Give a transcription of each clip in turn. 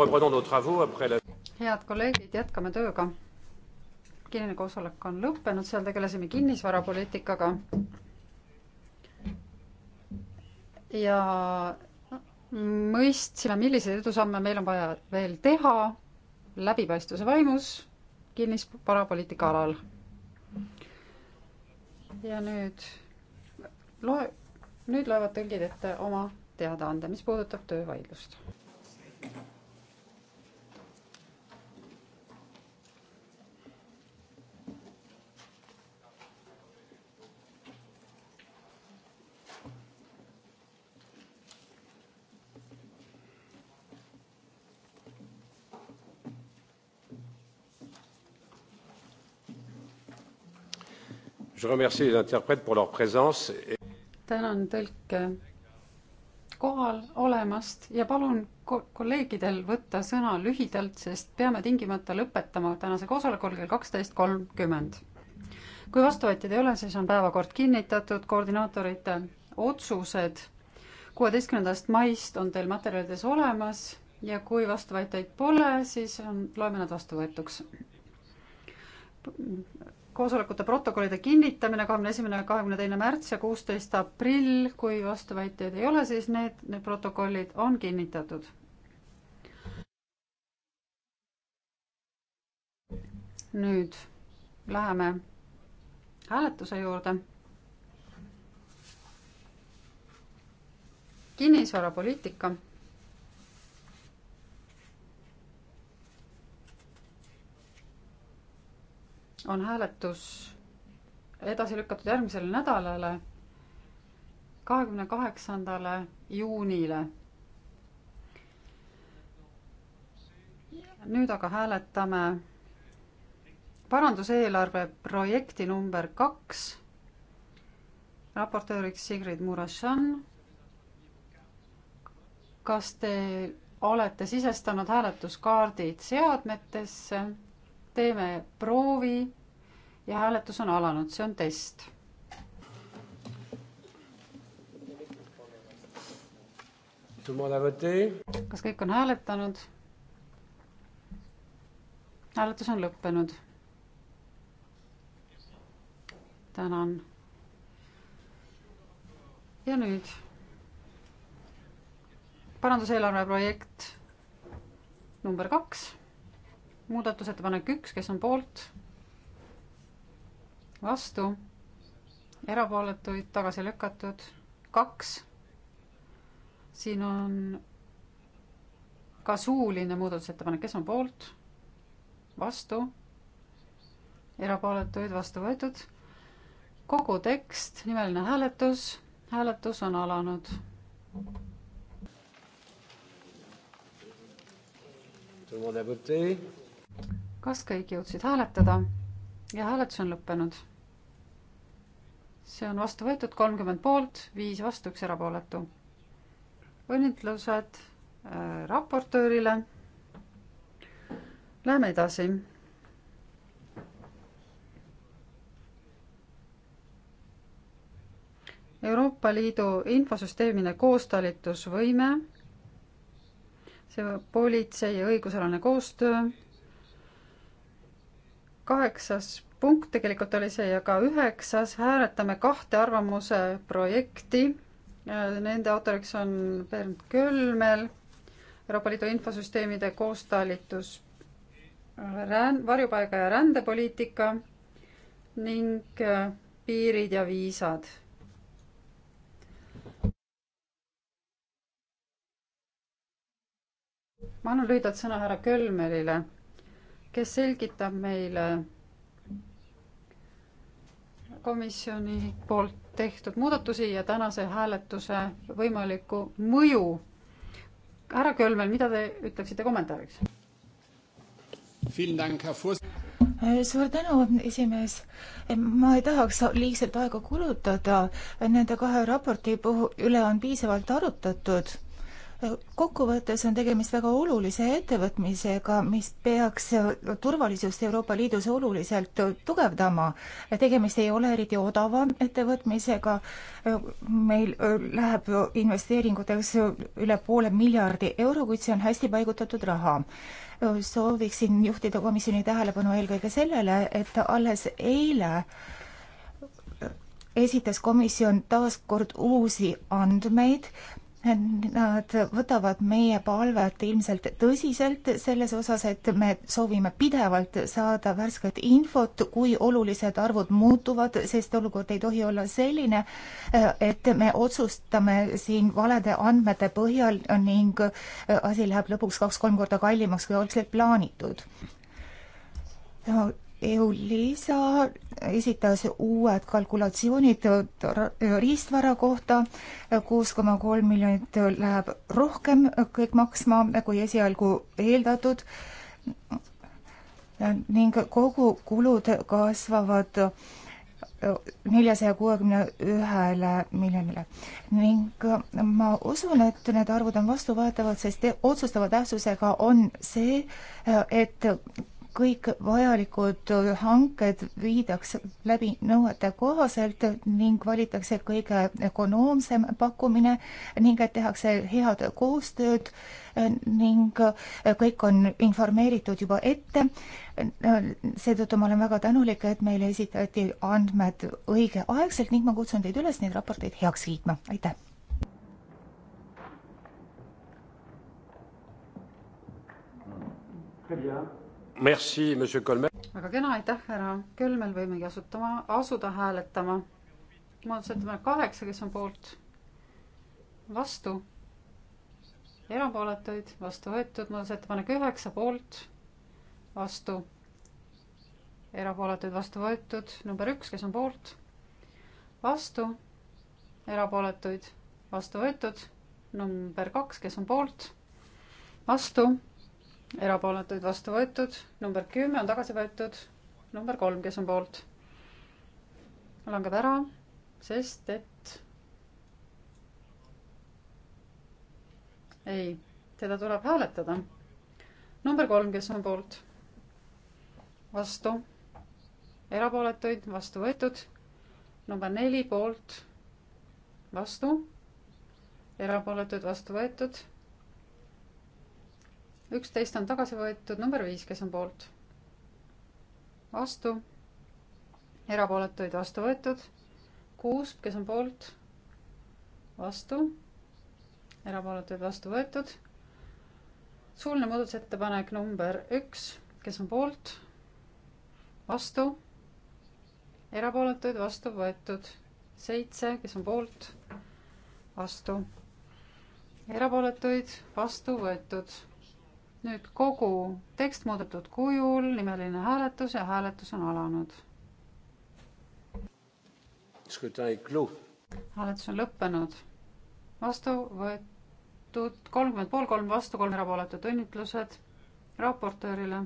head kolleegid, jätkame tööga. kinnine koosolek on lõppenud, seal tegelesime kinnisvarapoliitikaga. ja mõistsime, milliseid edusamme meil on vaja veel teha läbipaistvuse vaimus kinnisvarapoliitika alal. ja nüüd loe, nüüd loevad tõlgid ette oma teadaande, mis puudutab töövaidlust. tänan tõlke kohal olemast ja palun kolleegidel võtta sõna lühidalt, sest peame tingimata lõpetama tänase koosolekul kell kaksteist kolmkümmend. kui vastuvõtjaid ei ole, siis on päevakord kinnitatud, koordinaatorite otsused kuueteistkümnendast maist on teil materjalides olemas ja kui vastuvõtjaid pole, siis on, loeme nad vastuvõetuks koosolekute protokollide kinnitamine kahekümne esimene, kahekümne teine märts ja kuusteist aprill, kui vastuväiteid ei ole, siis need, need protokollid on kinnitatud. nüüd läheme hääletuse juurde. kinnisvarapoliitika on hääletus edasi lükatud järgmisele nädalale, kahekümne kaheksandale juunile. nüüd aga hääletame paranduseelarve projekti number kaks, raportööriks Sigrid Murashan. kas te olete sisestanud hääletuskaardid seadmetesse? teeme proovi ja hääletus on alanud, see on test. kas kõik on hääletanud? hääletus on lõppenud. tänan. ja nüüd paranduseelarve projekt number kaks muudatusettepanek üks, kes on poolt? vastu? erapooletuid tagasi lükatud? kaks? siin on ka suuline muudatusettepanek, kes on poolt? vastu? erapooletuid vastu võetud? kogu tekst, nimeline hääletus, hääletus on alanud. Tout le monde a voté kas kõik jõudsid hääletada? ja hääletus on lõppenud. see on vastu võetud kolmkümmend poolt, viis vastu, üks erapooletu. õnnitlused äh, raportöörile. Läheme edasi. Euroopa Liidu infosüsteemine koostalitusvõime, see politsei ja õigusalane koostöö kaheksas punkt tegelikult oli see ja ka üheksas, hääletame kahte arvamuse projekti. Nende autoriks on Bernd Kölmel, Euroopa Liidu infosüsteemide koostalitus, varjupaiga ja rändepoliitika ning äh, piirid ja viisad ma annan lühidalt sõna härra Kölmelile kes selgitab meile komisjoni poolt tehtud muudatusi ja tänase hääletuse võimalikku mõju. härra Kölmel, mida te ütleksite kommentaariks? suur tänu, esimees. ma ei tahaks liigselt aega kulutada, nende kahe raporti puhul üle on piisavalt arutatud kokkuvõttes on tegemist väga olulise ettevõtmisega, mis peaks turvalisust Euroopa Liidus oluliselt tugevdama. tegemist ei ole eriti odava ettevõtmisega. meil läheb investeeringuteks üle poole miljardi euro, kuid see on hästi paigutatud raha. sooviksin juhtida komisjoni tähelepanu eelkõige sellele, et alles eile esitas komisjon taas kord uusi andmeid Nad võtavad meie palvet ilmselt tõsiselt selles osas, et me soovime pidevalt saada värsket infot, kui olulised arvud muutuvad, sest olukord ei tohi olla selline, et me otsustame siin valede andmete põhjal ning asi läheb lõpuks kaks-kolm korda kallimaks, kui algselt plaanitud EU-LISA esitas uued kalkulatsioonid riistvara kohta, kuus koma kolm miljonit läheb rohkem kõik maksma kui esialgu eeldatud ning kogukulud kasvavad neljasaja kuuekümne ühele miljonile ning ma usun, et need arvud on vastuvõetavad, sest otsustava tähtsusega on see, et kõik vajalikud hanked viidaks läbi nõuete kohaselt ning valitakse kõige ökonoomsem pakkumine ning et tehakse head koostööd ning kõik on informeeritud juba ette. seetõttu ma olen väga tänulik, et meile esitati andmed õigeaegselt ning ma kutsun teid üles neid raporteid heaks kiitma, aitäh! Très bien väga kena, aitäh, härra Kölmel, võimegi asutama, asuda hääletama. muudatusettepanek kaheksa, kes on poolt? vastu? erapooletuid, vastu võetud, muudatusettepanek üheksa, poolt? vastu? erapooletuid, vastu võetud, number üks, kes on poolt? vastu? erapooletuid, vastu võetud, number kaks, kes on poolt? vastu? erapooletuid vastu võetud, number kümme on tagasi võetud, number kolm, kes on poolt, langeb ära, sest et ei, teda tuleb hääletada. number kolm, kes on poolt, vastu, erapooletuid vastu võetud, number neli poolt, vastu, erapooletuid vastu võetud üksteist on tagasi võetud, number viis, kes on poolt? vastu. erapooletuid vastu võetud. kuus, kes on poolt? vastu. erapooletuid vastu võetud. suuline muudatusettepanek number üks, kes on poolt? vastu. erapooletuid vastu võetud. seitse, kes on poolt? vastu erapooletuid vastu võetud nüüd kogu tekst muudetud kujul, nimeline hääletus ja hääletus on alanud. hääletus on lõppenud. vastu võetud kolmkümmend pool kolm, vastu kolm erapooletut, õnnitlused raportöörile.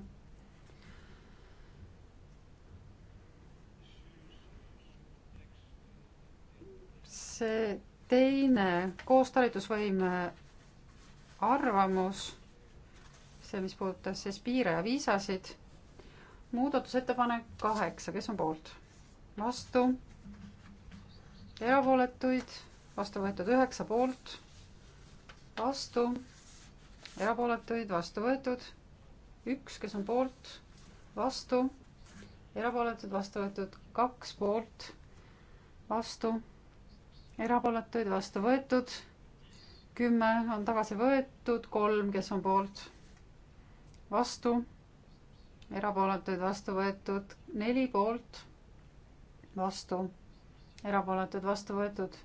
see teine koostalitusvõime arvamus see, mis puudutas siis piire ja viisasid. muudatusettepanek kaheksa, kes on poolt? vastu. erapooletuid, vastu võetud üheksa poolt, vastu, erapooletuid, vastu võetud, üks, kes on poolt, vastu, erapooletud, vastu võetud, kaks poolt, vastu, erapooletuid, vastu võetud kümme on tagasi võetud, kolm, kes on poolt, vastu, erapooletuid vastu võetud neli poolt, vastu, erapooletuid vastu võetud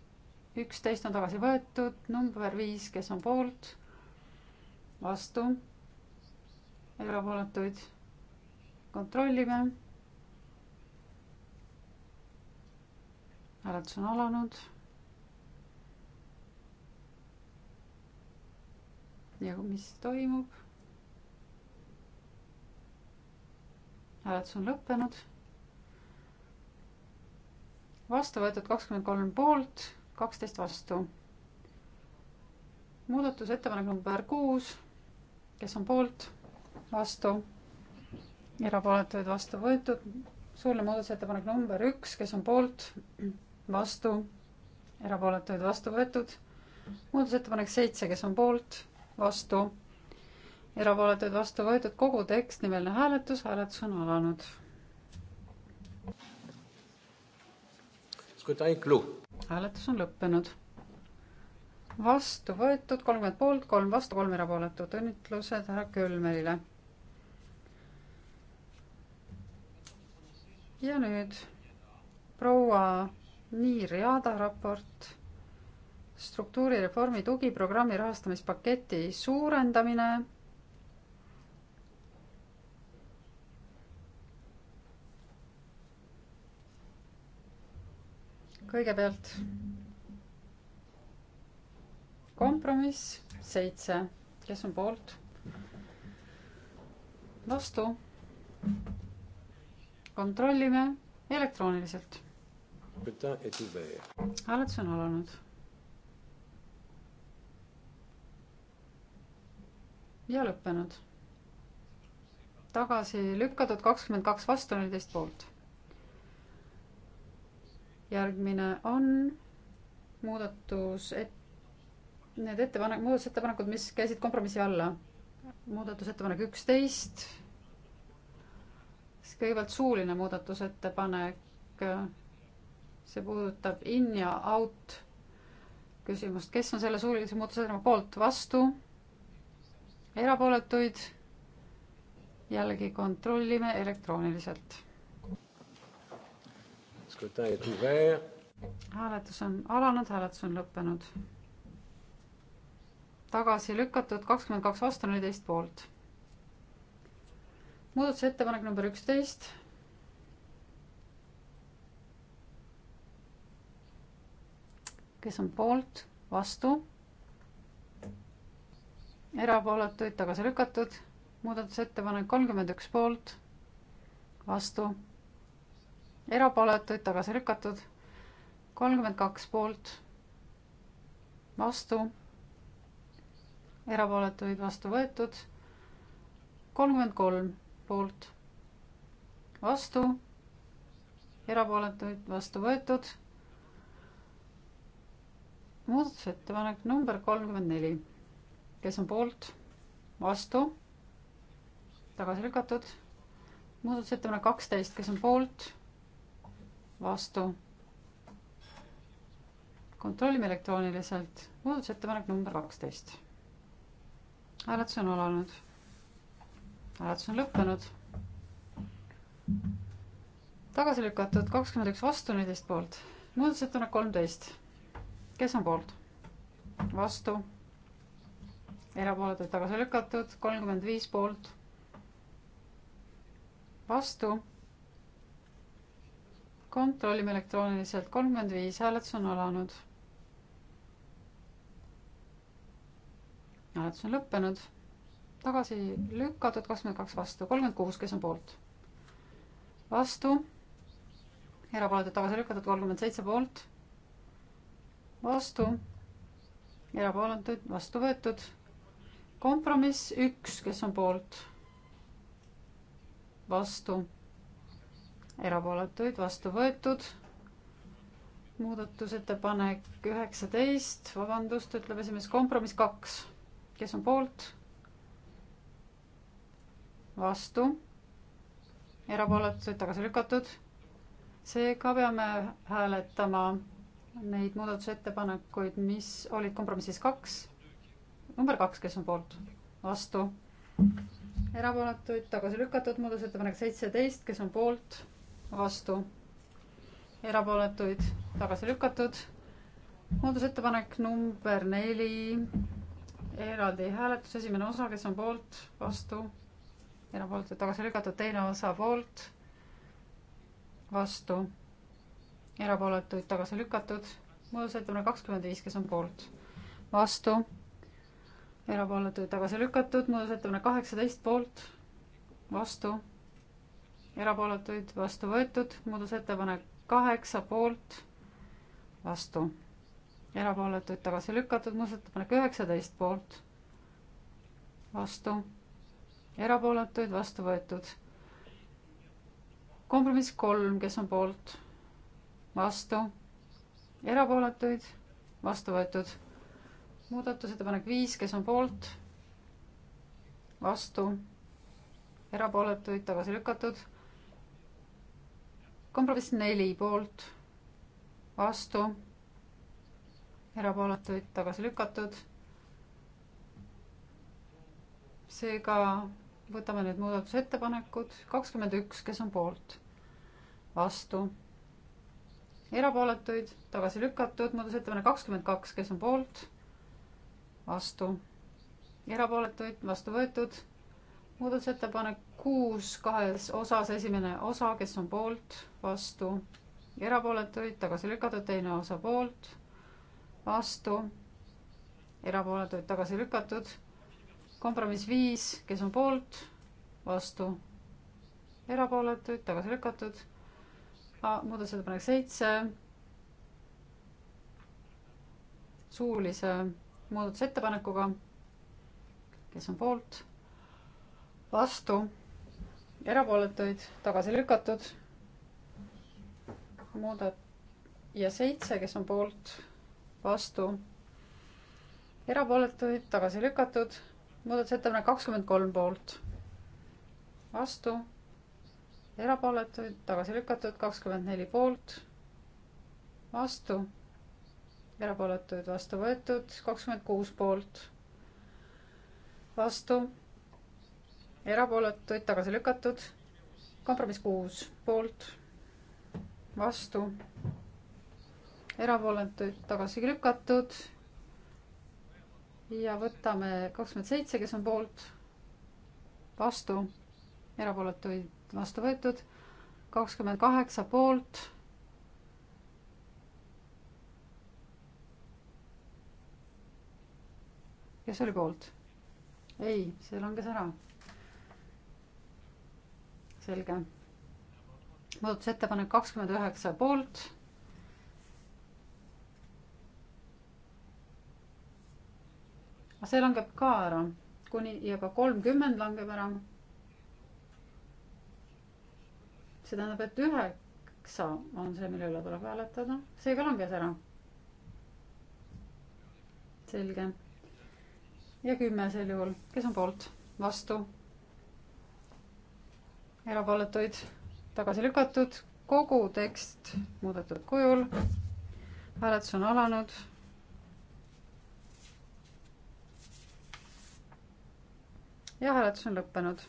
üksteist on tagasi võetud, number viis, kes on poolt, vastu, erapooletuid kontrollime. hääletus on alanud ja mis toimub. hääletus on lõppenud. vastu võetud kakskümmend kolm poolt, kaksteist vastu. muudatusettepanek number kuus, kes on poolt, vastu, erapooletuid vastu võetud. suuline muudatusettepanek number üks, kes on poolt, vastu, erapooletuid vastu võetud. muudatusettepanek seitse, kes on poolt, vastu erapooletuid vastu võetud, kogu tekst, nimeline hääletus, hääletus on alanud. hääletus on lõppenud. vastu võetud kolmkümmend poolt, kolm vastu, kolm erapooletut, õnnitlused härra Kölmerile. ja nüüd proua Niiriada raport struktuurireformi tugiprogrammi rahastamispaketi suurendamine kõigepealt kompromiss seitse, kes on poolt? vastu. kontrollime elektrooniliselt. hääletus on alanud. ja lõppenud. tagasi lükatud kakskümmend kaks vastu, neliteist poolt järgmine on muudatus, et need ettepanek, muudatusettepanekud, mis käisid kompromissi alla. muudatusettepanek üksteist, siis kõigepealt suuline muudatusettepanek, see puudutab in ja out küsimust, kes on selle suulise muudatusettepaneku poolt, vastu, erapooletuid, jällegi kontrollime elektrooniliselt scrutin est ouvert. hääletus on alanud, hääletus on lõppenud. tagasi lükatud kakskümmend kaks vastu, neliteist poolt. muudatusettepanek number üksteist. kes on poolt, vastu? erapooletuid tagasi lükatud, muudatusettepanek kolmkümmend üks poolt, vastu erapooletuid tagasi lükatud, kolmkümmend kaks poolt, vastu, erapooletuid vastu võetud, kolmkümmend kolm poolt, vastu, erapooletuid vastu võetud, muudatusettepanek number kolmkümmend neli, kes on poolt, vastu, tagasi lükatud, muudatusettepanek kaksteist, kes on poolt vastu. kontrollime elektrooniliselt, muudatusettepanek number kaksteist. hääletus on alanud. hääletus on lõppenud. tagasi lükatud kakskümmend üks vastu, neliteist poolt. muudatusettepanek kolmteist. kes on poolt? vastu. erapooletuid tagasi lükatud, kolmkümmend viis poolt. vastu kontrollime elektrooniliselt, kolmkümmend viis, hääletus on alanud. hääletus on lõppenud, tagasi lükatud, kakskümmend kaks vastu, kolmkümmend kuus, kes on poolt? vastu, erapooletud tagasi lükatud, kolmkümmend seitse poolt, vastu, erapooletud, vastu võetud, kompromiss üks, kes on poolt? vastu erapooletuid vastu võetud. muudatusettepanek üheksateist, vabandust, ütleb esimees, kompromiss kaks, kes on poolt? vastu, erapooletuid tagasi lükatud. seega peame hääletama neid muudatusettepanekuid, mis olid kompromissis kaks, number kaks, kes on poolt, vastu, erapooletuid tagasi lükatud, muudatusettepanek seitseteist, kes on poolt vastu, erapooletuid tagasi lükatud. muudusettepanek number neli, eraldi hääletus, esimene osa, kes on poolt, vastu, erapooletuid tagasi lükatud, teine osa poolt, vastu, erapooletuid tagasi lükatud. muudatusettepanek kakskümmend viis, kes on poolt, vastu erapooletuid tagasi lükatud, muudatusettepanek kaheksateist poolt, vastu, erapooletuid vastu võetud, muudatusettepanek kaheksa poolt, vastu, erapooletuid tagasi lükatud, muudatusettepanek üheksateist poolt, vastu, erapooletuid vastu võetud. kompromiss kolm, kes on poolt, vastu, erapooletuid vastu võetud. muudatusettepanek viis, kes on poolt, vastu, erapooletuid tagasi lükatud kompromiss neli poolt, vastu, erapooletuid tagasi lükatud. seega võtame nüüd muudatusettepanekud, kakskümmend üks, kes on poolt, vastu, erapooletuid tagasi lükatud, muudatusettepanek kakskümmend kaks, kes on poolt, vastu, erapooletuid vastu võetud muudatusettepanek kuus kahes osas, esimene osa, kes on poolt, vastu, erapooletuid, tagasi lükatud, teine osa poolt, vastu, erapooletuid, tagasi lükatud. kompromiss viis, kes on poolt, vastu, erapooletuid, tagasi lükatud. muudatusettepanek seitse, suulise muudatusettepanekuga, kes on poolt vastu, erapooletuid tagasi lükatud. muudat- ja seitse, kes on poolt, vastu, erapooletuid tagasi lükatud. muudatusettepanek kakskümmend kolm poolt, vastu, erapooletuid tagasi lükatud, kakskümmend neli poolt, vastu, erapooletuid vastu võetud, kakskümmend kuus poolt, vastu erapooletuid tagasi lükatud, kompromiss kuus poolt, vastu, erapooletuid tagasi lükatud ja võtame kakskümmend seitse, kes on poolt, vastu, erapooletuid vastu võetud, kakskümmend kaheksa poolt kes oli poolt? ei, see langes ära selge. muudatusettepanek kakskümmend üheksa poolt. see langeb ka ära, kuni ja ka kolmkümmend langeb ära. see tähendab, et üheksa on see, mille üle tuleb hääletada, see ka langes ära. selge. ja kümme sel juhul, kes on poolt, vastu erapooletuid tagasi lükatud, kogu tekst muudetud kujul. hääletus on alanud. ja hääletus on lõppenud.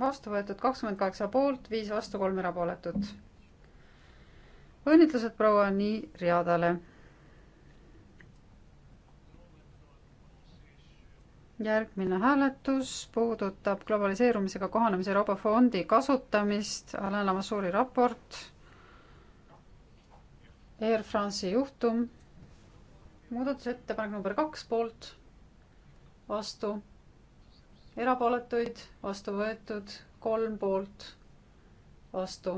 vastu võetud kakskümmend kaheksa poolt, viis vastu, kolm erapooletut. õnnitlused proua Nii Riadale järgmine hääletus puudutab globaliseerumisega kohanemise Euroopa Fondi kasutamist, Alain Lamassouri raport, Air France'i juhtum, muudatusettepanek number kaks poolt, vastu, erapooletuid, vastu võetud, kolm poolt, vastu,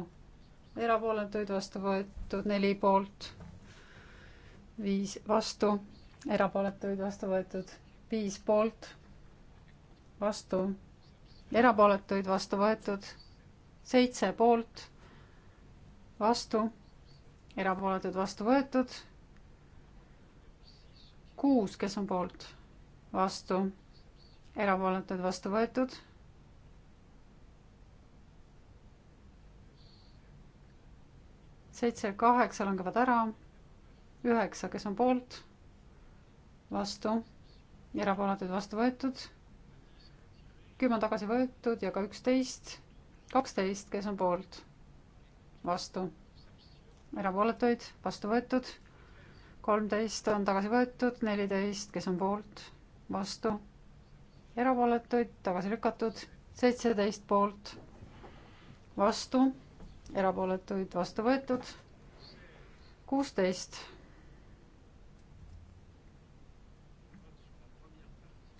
erapooletuid, vastu võetud, neli poolt, viis vastu, erapooletuid, vastu võetud viis poolt, vastu, erapooletuid vastu võetud, seitse poolt, vastu, erapooletuid vastu võetud, kuus, kes on poolt, vastu, erapooletuid vastu võetud seitse, kaheksa langevad ära, üheksa, kes on poolt, vastu, erapooletud vastu võetud, kümme on tagasi võetud ja ka üksteist, kaksteist, kes on poolt, vastu, erapooletuid vastu võetud, kolmteist on tagasi võetud, neliteist, kes on poolt, vastu, erapooletuid tagasi lükatud, seitseteist poolt, vastu, erapooletuid vastu võetud, kuusteist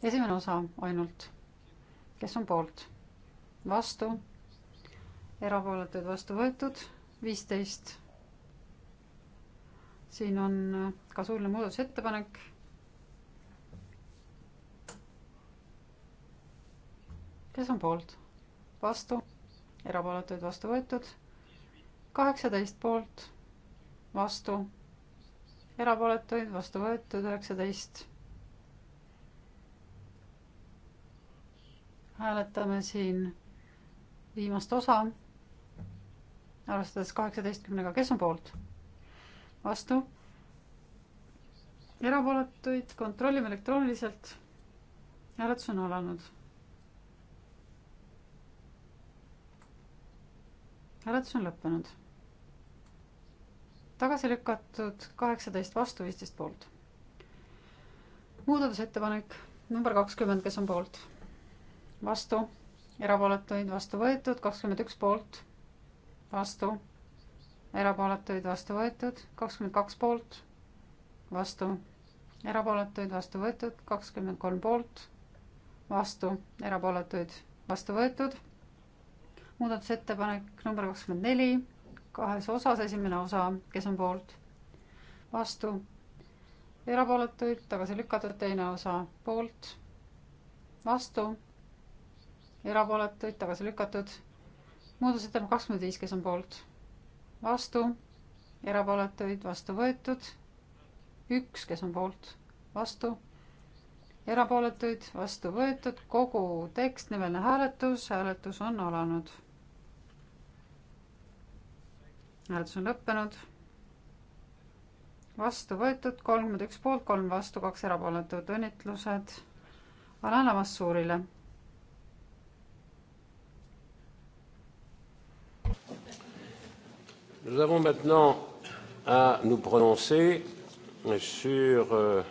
esimene osa ainult, kes on poolt, vastu, erapooletuid vastu võetud, viisteist. siin on ka suuline muudatusettepanek kes on poolt? vastu, erapooletuid vastu võetud, kaheksateist poolt, vastu, erapooletuid vastu võetud, üheksateist hääletame siin viimast osa, arvestades kaheksateistkümnega, kes on poolt? vastu? erapooletuid kontrollime elektrooniliselt. hääletus on alanud. hääletus on lõppenud. tagasi lükatud kaheksateist vastu, viisteist poolt. muudatusettepanek number kakskümmend, kes on poolt? vastu, erapooletuid vastu võetud, kakskümmend üks poolt, vastu, erapooletuid vastu võetud, kakskümmend kaks poolt, vastu, erapooletuid vastu võetud, kakskümmend kolm poolt, vastu, erapooletuid vastu võetud. muudatusettepanek number kakskümmend neli, kahes osas, esimene osa, kes on poolt, vastu, erapooletuid tagasi lükatud, teine osa poolt, vastu erapooletuid tagasi lükatud. muudatusettepanek kakskümmend viis, kes on poolt, vastu, erapooletuid vastu võetud. üks, kes on poolt, vastu, erapooletuid vastu võetud, kogu tekst, nimeline hääletus, hääletus on alanud. hääletus on lõppenud vastu võetud, kolmkümmend üks poolt, kolm vastu, kaks erapooletut, õnnitlused Alana Massuurile Nous avons maintenant à nous prononcer sur euh,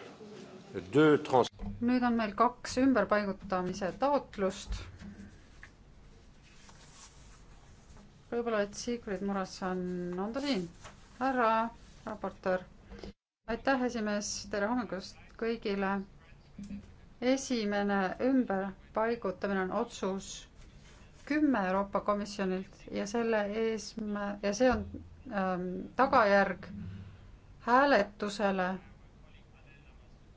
deux trans-. nüüd on meil kaks ümberpaigutamise taotlust. võib-olla, et Sigrid Murasson on, on ta siin? härra raportöör. aitäh, esimees, tere hommikust kõigile. esimene ümberpaigutamine on otsus kümme Euroopa Komisjonilt ja selle eesmä- ja see on Ähm, tagajärg hääletusele,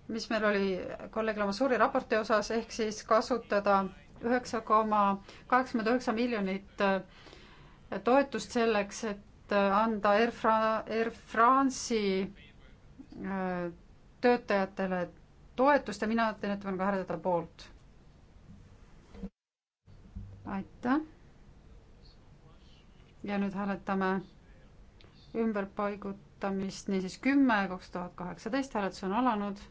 mis meil oli kolleeg Lamassuuri raporti osas, ehk siis kasutada üheksa koma kaheksakümmend üheksa miljonit äh, toetust selleks, et äh, anda Air Fra-, Air France'i äh, töötajatele toetust ja mina teen ettepaneku hääletada poolt. aitäh. ja nüüd hääletame ümberpaigutamist, niisiis kümme, kaks tuhat kaheksateist hääletus on alanud.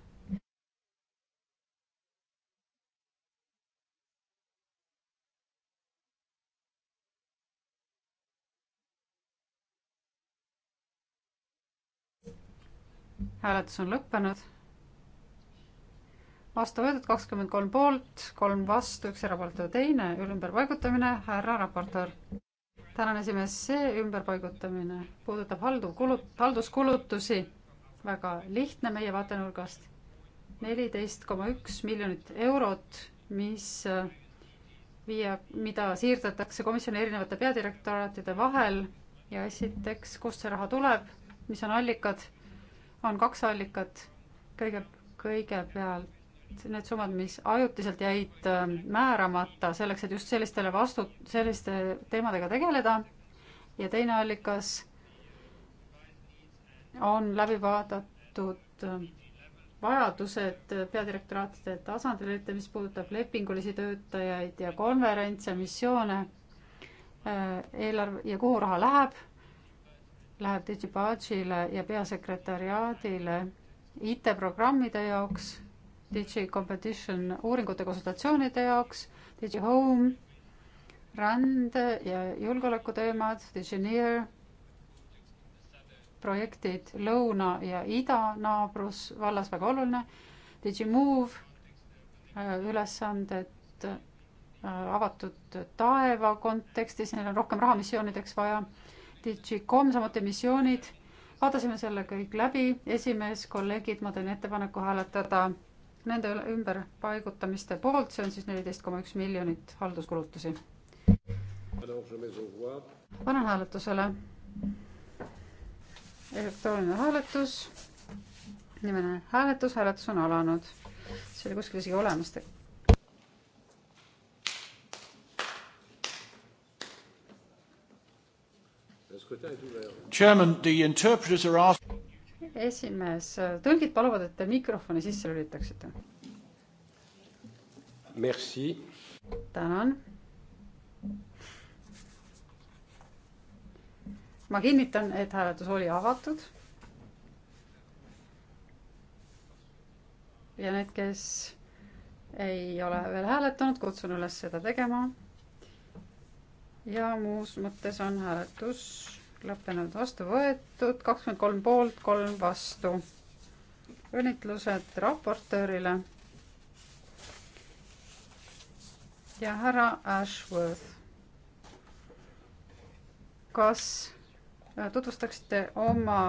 hääletus on lõppenud. vastu võetud kakskümmend kolm poolt, kolm vastu, üks erapooletu teine, ümberpaigutamine, härra raportöör tänan, esimees, see ümberpaigutamine puudutab halduvkulut-, halduskulutusi, väga lihtne meie vaatenurgast, neliteist koma üks miljonit eurot, mis äh, viia, mida siirdetakse komisjoni erinevate peadirektoraatide vahel ja esiteks, kust see raha tuleb, mis on allikad, on kaks allikat, kõige, kõigepealt need summad, mis ajutiselt jäid äh, määramata selleks, et just sellistele vastu, selliste teemadega tegeleda ja teine allikas on läbi vaadatud äh, vajadused peadirektoraatide tasandil, eriti mis puudutab lepingulisi töötajaid ja konverentse, missioone, äh, eelarve ja kuhu raha läheb, läheb Digipage'ile ja peasekretäriaadile IT-programmide jaoks DJ Competition uuringute konsultatsioonide jaoks, DJ Home, rände ja julgeoleku teemad, DJ Near, projektid lõuna ja idanaabrus vallas väga oluline, DJ Move, äh, ülesanded äh, avatud taeva kontekstis, neil on rohkem raha missioonideks vaja. Digicom, samuti missioonid, vaatasime selle kõik läbi, esimees, kolleegid, ma teen ettepaneku hääletada nende ümberpaigutamiste poolt, see on siis neliteist koma üks miljonit halduskulutusi. panen hääletusele. elektrooniline hääletus, nimeline hääletus, hääletus on alanud. see oli kuskil isegi olemas tegelikult. Chairman, the interpreters are asked esimees, tõlgid paluvad, et te mikrofoni sisse lülitaksite. Merci. tänan. ma kinnitan, et hääletus oli avatud. ja need, kes ei ole veel hääletanud, kutsun üles seda tegema. ja muus mõttes on hääletus lõppenud, vastu võetud, kakskümmend kolm poolt, kolm vastu. õnnitlused raportöörile. ja härra Ashworth, kas äh, tutvustaksite oma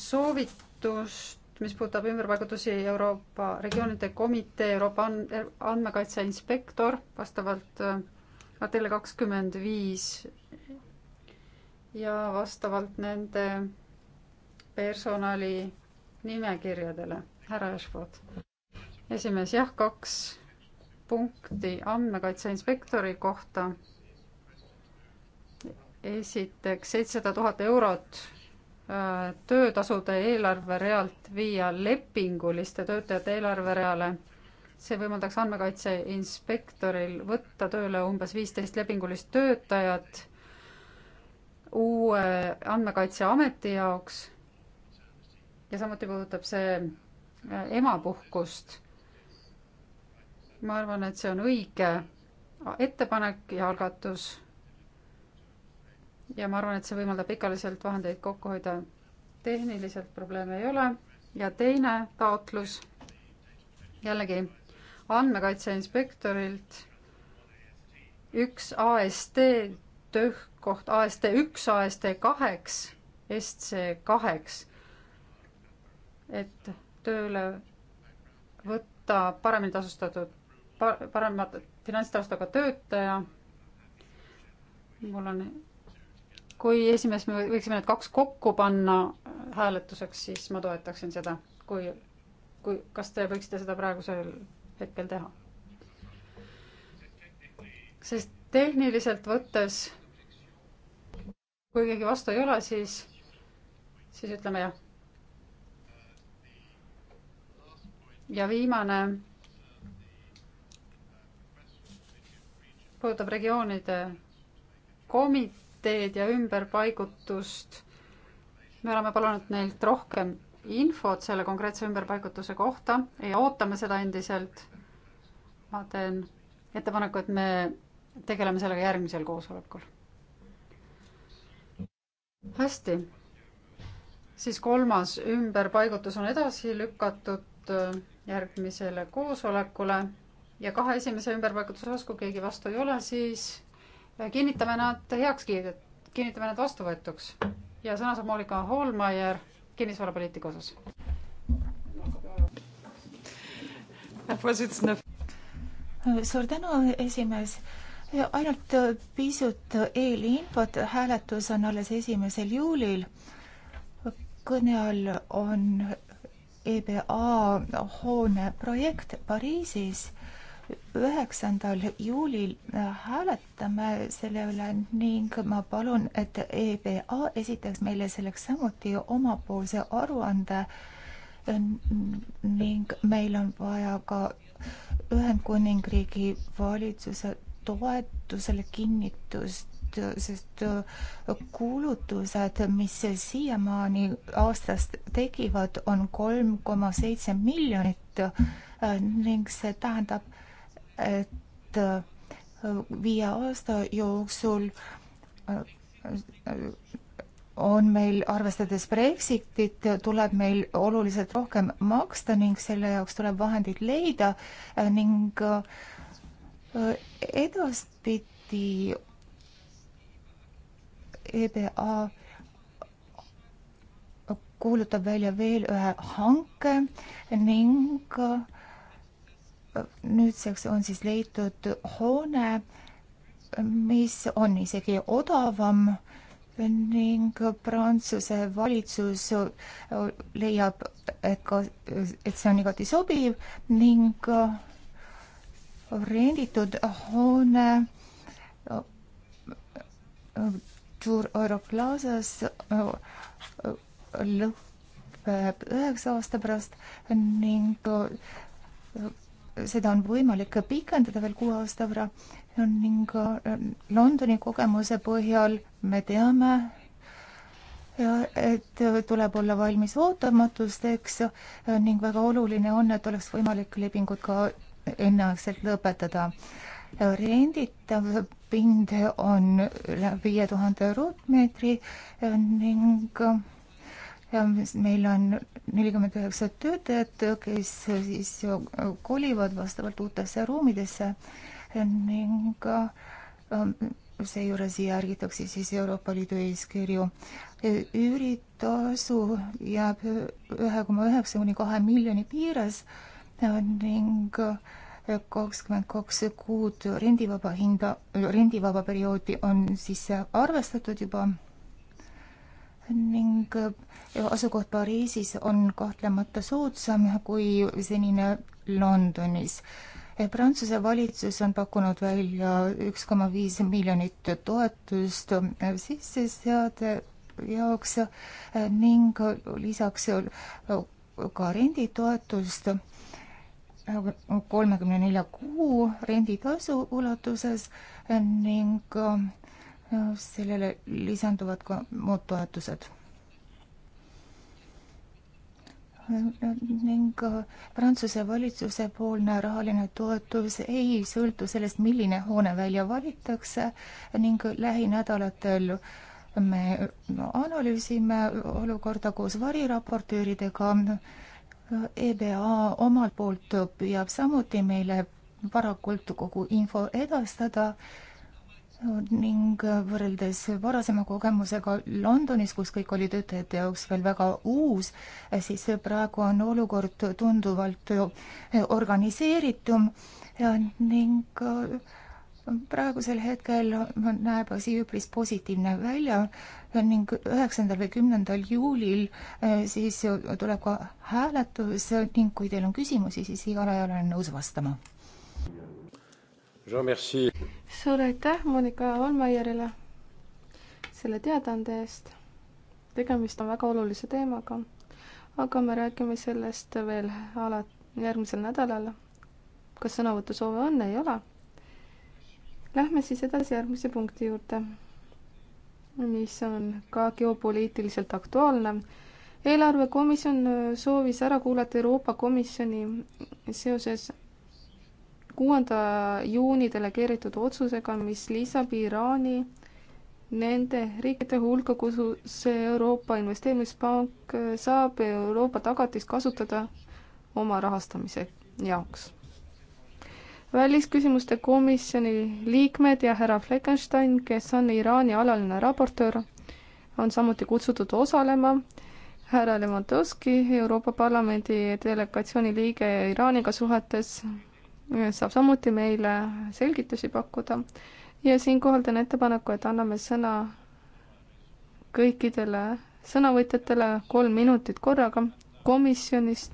soovitust, mis puudutab ümberpaigutusi Euroopa regioonide komitee, Euroopa andmekaitse inspektor vastavalt äh, artikli kakskümmend viis ja vastavalt nende personali nimekirjadele. härra Ashford. esimees, jah, kaks punkti andmekaitse inspektori kohta. esiteks seitsesada tuhat eurot äh, töötasude eelarverealt viia lepinguliste töötajate eelarvereale. see võimaldaks andmekaitse inspektoril võtta tööle umbes viisteist lepingulist töötajat uue Andmekaitseameti jaoks ja samuti puudutab see äh, emapuhkust. ma arvan, et see on õige ettepanek ja algatus. ja ma arvan, et see võimaldab pikaliselt vahendeid kokku hoida. tehniliselt probleeme ei ole ja teine taotlus jällegi andmekaitse inspektorilt üks AST töh-, koht AST üks, AST kaheks, SC kaheks, et tööle võtta paremini tasustatud, paremat finantstaustaga töötaja. mul on, kui esimees, me võiksime need kaks kokku panna hääletuseks, siis ma toetaksin seda, kui, kui, kas te võiksite seda praegusel hetkel teha? sest tehniliselt võttes kui keegi vastu ei ole, siis, siis ütleme jah. ja viimane puudutab regioonide komiteed ja ümberpaigutust. me oleme palunud neilt rohkem infot selle konkreetse ümberpaigutuse kohta ja ootame seda endiselt. ma teen ettepaneku, et me tegeleme sellega järgmisel koosolekul hästi, siis kolmas ümberpaigutus on edasi lükatud äh, järgmisele koosolekule ja kahe esimese ümberpaigutuse osas, kui keegi vastu ei ole, siis äh, kinnitame nad heaks kiidet-, kinnitame nad vastuvõetuks. ja sõna saab Monika Hoolmeier kinnisvarapoliitika osas. suur tänu, esimees ainult äh, pisut äh, eelinfot, hääletus on alles esimesel juulil. kõne all on EBA hoone projekt Pariisis. üheksandal juulil äh, hääletame selle üle ning ma palun, et EBA esitaks meile selleks samuti omapoolse aruande ning meil on vaja ka Ühendkuningriigi valitsuse toetusele kinnitust, sest äh, kulutused, mis siiamaani aastast tegivad, on kolm koma seitse miljonit äh, ning see tähendab, et äh, viie aasta jooksul on meil, arvestades Brexitit, tuleb meil oluliselt rohkem maksta ning selle jaoks tuleb vahendid leida ning edaspidi EBA kuulutab välja veel ühe hanke ning nüüdseks on siis leitud hoone, mis on isegi odavam ning Prantsuse valitsus leiab, et ka, et see on igati sobiv ning renditud hoone Tour Euroclasas lõpeb üheksa aasta pärast ning seda on võimalik pikendada veel kuue aasta võrra ning Londoni kogemuse põhjal me teame, et tuleb olla valmis ootamatusteks ning väga oluline on, et oleks võimalik lepingut ka enneaegselt lõpetada. renditav pind on üle viie tuhande ruutmeetri ning ja meil on nelikümmend üheksa töötajat, kes siis kolivad vastavalt uutesse ruumidesse ning seejuures järgitakse siis Euroopa Liidu eeskirju. üüritasu jääb ühe koma üheksa kuni kahe miljoni piires ning kakskümmend kaks kuud rendivaba hinda, rendivaba perioodi on sisse arvestatud juba ning asukoht Pariisis on kahtlemata soodsam kui senine Londonis. Prantsuse valitsus on pakkunud välja üks koma viis miljonit toetust sisseseade jaoks ning lisaks ka renditoetust kolmekümne nelja kuu renditasu ulatuses ning äh, sellele lisanduvad ka muud toetused. ning äh, Prantsuse valitsuse poolne rahaline toetus ei sõltu sellest, milline hoone välja valitakse ning lähinädalatel me analüüsime olukorda koos variraportööridega EBA omalt poolt püüab samuti meile varakult kogu info edastada ning võrreldes varasema kogemusega Londonis, kus kõik oli töötajate jaoks veel väga uus, siis praegu on olukord tunduvalt organiseeritum ning praegusel hetkel näeb asi üpris positiivne välja ning üheksandal või kümnendal juulil eh, siis tuleb ka hääletus ning kui teil on küsimusi, siis igal ajal olen nõus vastama. suur aitäh Monika Olmajärile selle teadaande eest. tegemist on väga olulise teemaga, aga me räägime sellest veel alati järgmisel nädalal. kas sõnavõtusoove on, ei ole? Lähme siis edasi järgmise punkti juurde mis on ka geopoliitiliselt aktuaalne. eelarvekomisjon äh, soovis ära kuulata Euroopa Komisjoni seoses kuuenda juuni delegeeritud otsusega, mis lisab Iraani nende riikide hulka, kus Euroopa Investeerimispank äh, saab Euroopa tagatist kasutada oma rahastamise jaoks välisküsimuste komisjoni liikmed ja härra Fleckenstein, kes on Iraani alaline raportöör, on samuti kutsutud osalema. härra Lewandowski, Euroopa Parlamendi delegatsiooni liige Iraaniga suhetes, saab samuti meile selgitusi pakkuda ja siinkohal teen ettepaneku, et anname sõna kõikidele sõnavõtjatele kolm minutit korraga komisjonist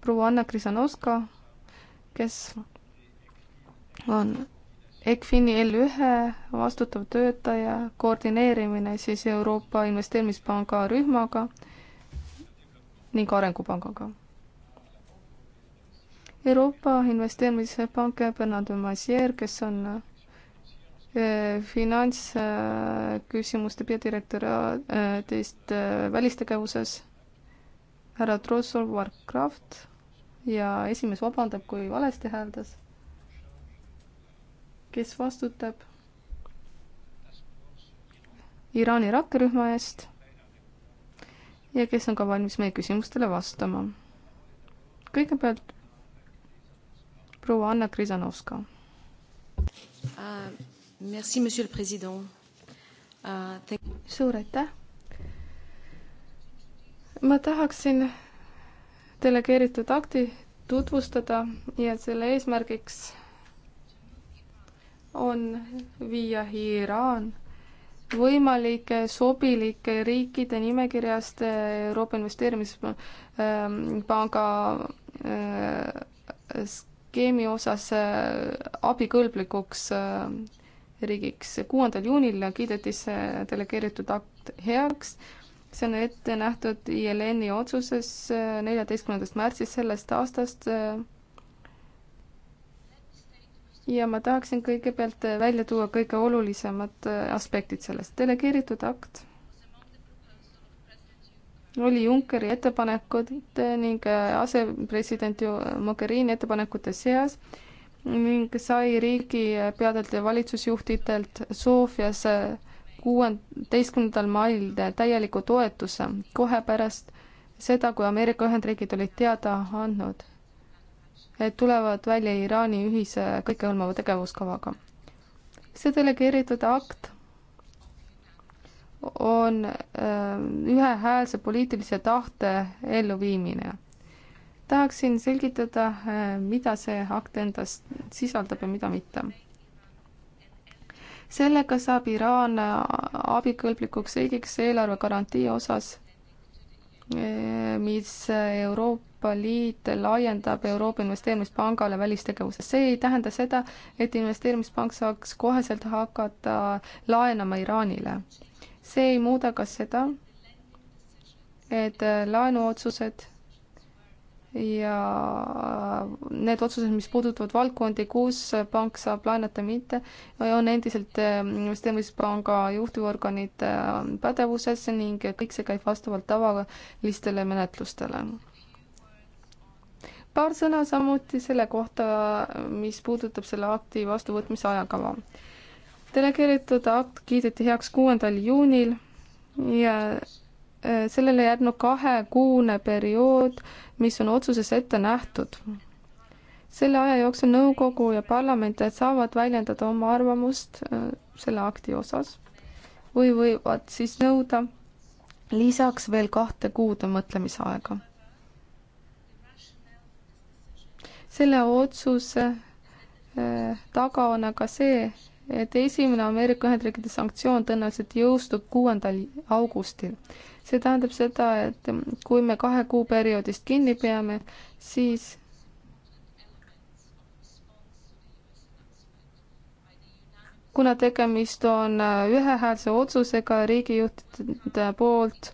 proua Anna Krisanovska, kes on ECFIN-i L1 vastutav töötaja koordineerimine siis Euroopa Investeerimispanga rühmaga ning Arengupangaga. Euroopa Investeerimispank Bernardo Masier, kes on äh, finantsküsimuste peadirektoraadist äh, äh, välistegevuses härra Trossol Warcraft ja esimees vabandab, kui valesti hääldas kes vastutab Iraani rakkerühma eest ja kes on ka valmis meie küsimustele vastama. kõigepealt proua Anna Krisanovska uh,. Merci, monsieur le president uh,. Ah, suur aitäh. ma tahaksin delegeeritud akti tutvustada ja selle eesmärgiks on viia Iraan võimalike sobilike riikide nimekirjast eh, Euroopa Investeerimispanga eh, skeemi osas eh, abikõlblikuks riigiks. kuuendal juunil kiideti see delegeeritud akt heaks. see on ette nähtud ILN-i otsuses neljateistkümnendast märtsist sellest aastast ja ma tahaksin kõigepealt välja tuua kõige olulisemad äh, aspektid sellest. delegeeritud akt oli Junckeri ettepanekute ning äh, asepresident äh, Mogherini ettepanekute seas ning sai riigipeadelt ja valitsusjuhtidelt Sofias kuueteistkümnendal mail täieliku toetuse kohe pärast seda, kui Ameerika Ühendriigid olid teada andnud tulevad välja Iraani ühise kõikehõlmava tegevuskavaga. see delegeeritud akt on äh, ühehäälse poliitilise tahte elluviimine. tahaksin selgitada, äh, mida see akt endast sisaldab ja mida mitte. sellega saab Iraan abikõlblikuks riigiks eelarve garantii osas, äh, mis Euroopa Euroopa Liit laiendab Euroopa Investeerimispangale välistegevuse. see ei tähenda seda, et investeerimispank saaks koheselt hakata laenama Iraanile. see ei muuda ka seda, et laenuotsused ja need otsused, mis puudutavad valdkondi, kus pank saab laenata, mitte, on endiselt eh, investeerimispanga juhtivorganite eh, pädevuses ning kõik see käib vastavalt tavalistele menetlustele paar sõna samuti selle kohta, mis puudutab selle akti vastuvõtmise ajakava. delegeeritud akt kiideti heaks kuuendal juunil ja e, sellele järgneb kahekuune periood, mis on otsuses ette nähtud. selle aja jooksul nõukogu ja parlament saavad väljendada oma arvamust e, selle akti osas või võivad siis nõuda lisaks veel kahte kuud mõtlemisaega selle otsuse eh, taga on aga see, et esimene Ameerika Ühendriikide sanktsioon tõenäoliselt jõustub kuuendal augustil. see tähendab seda, et kui me kahe kuu perioodist kinni peame, siis kuna tegemist on eh, ühehäälse otsusega riigijuhtide poolt,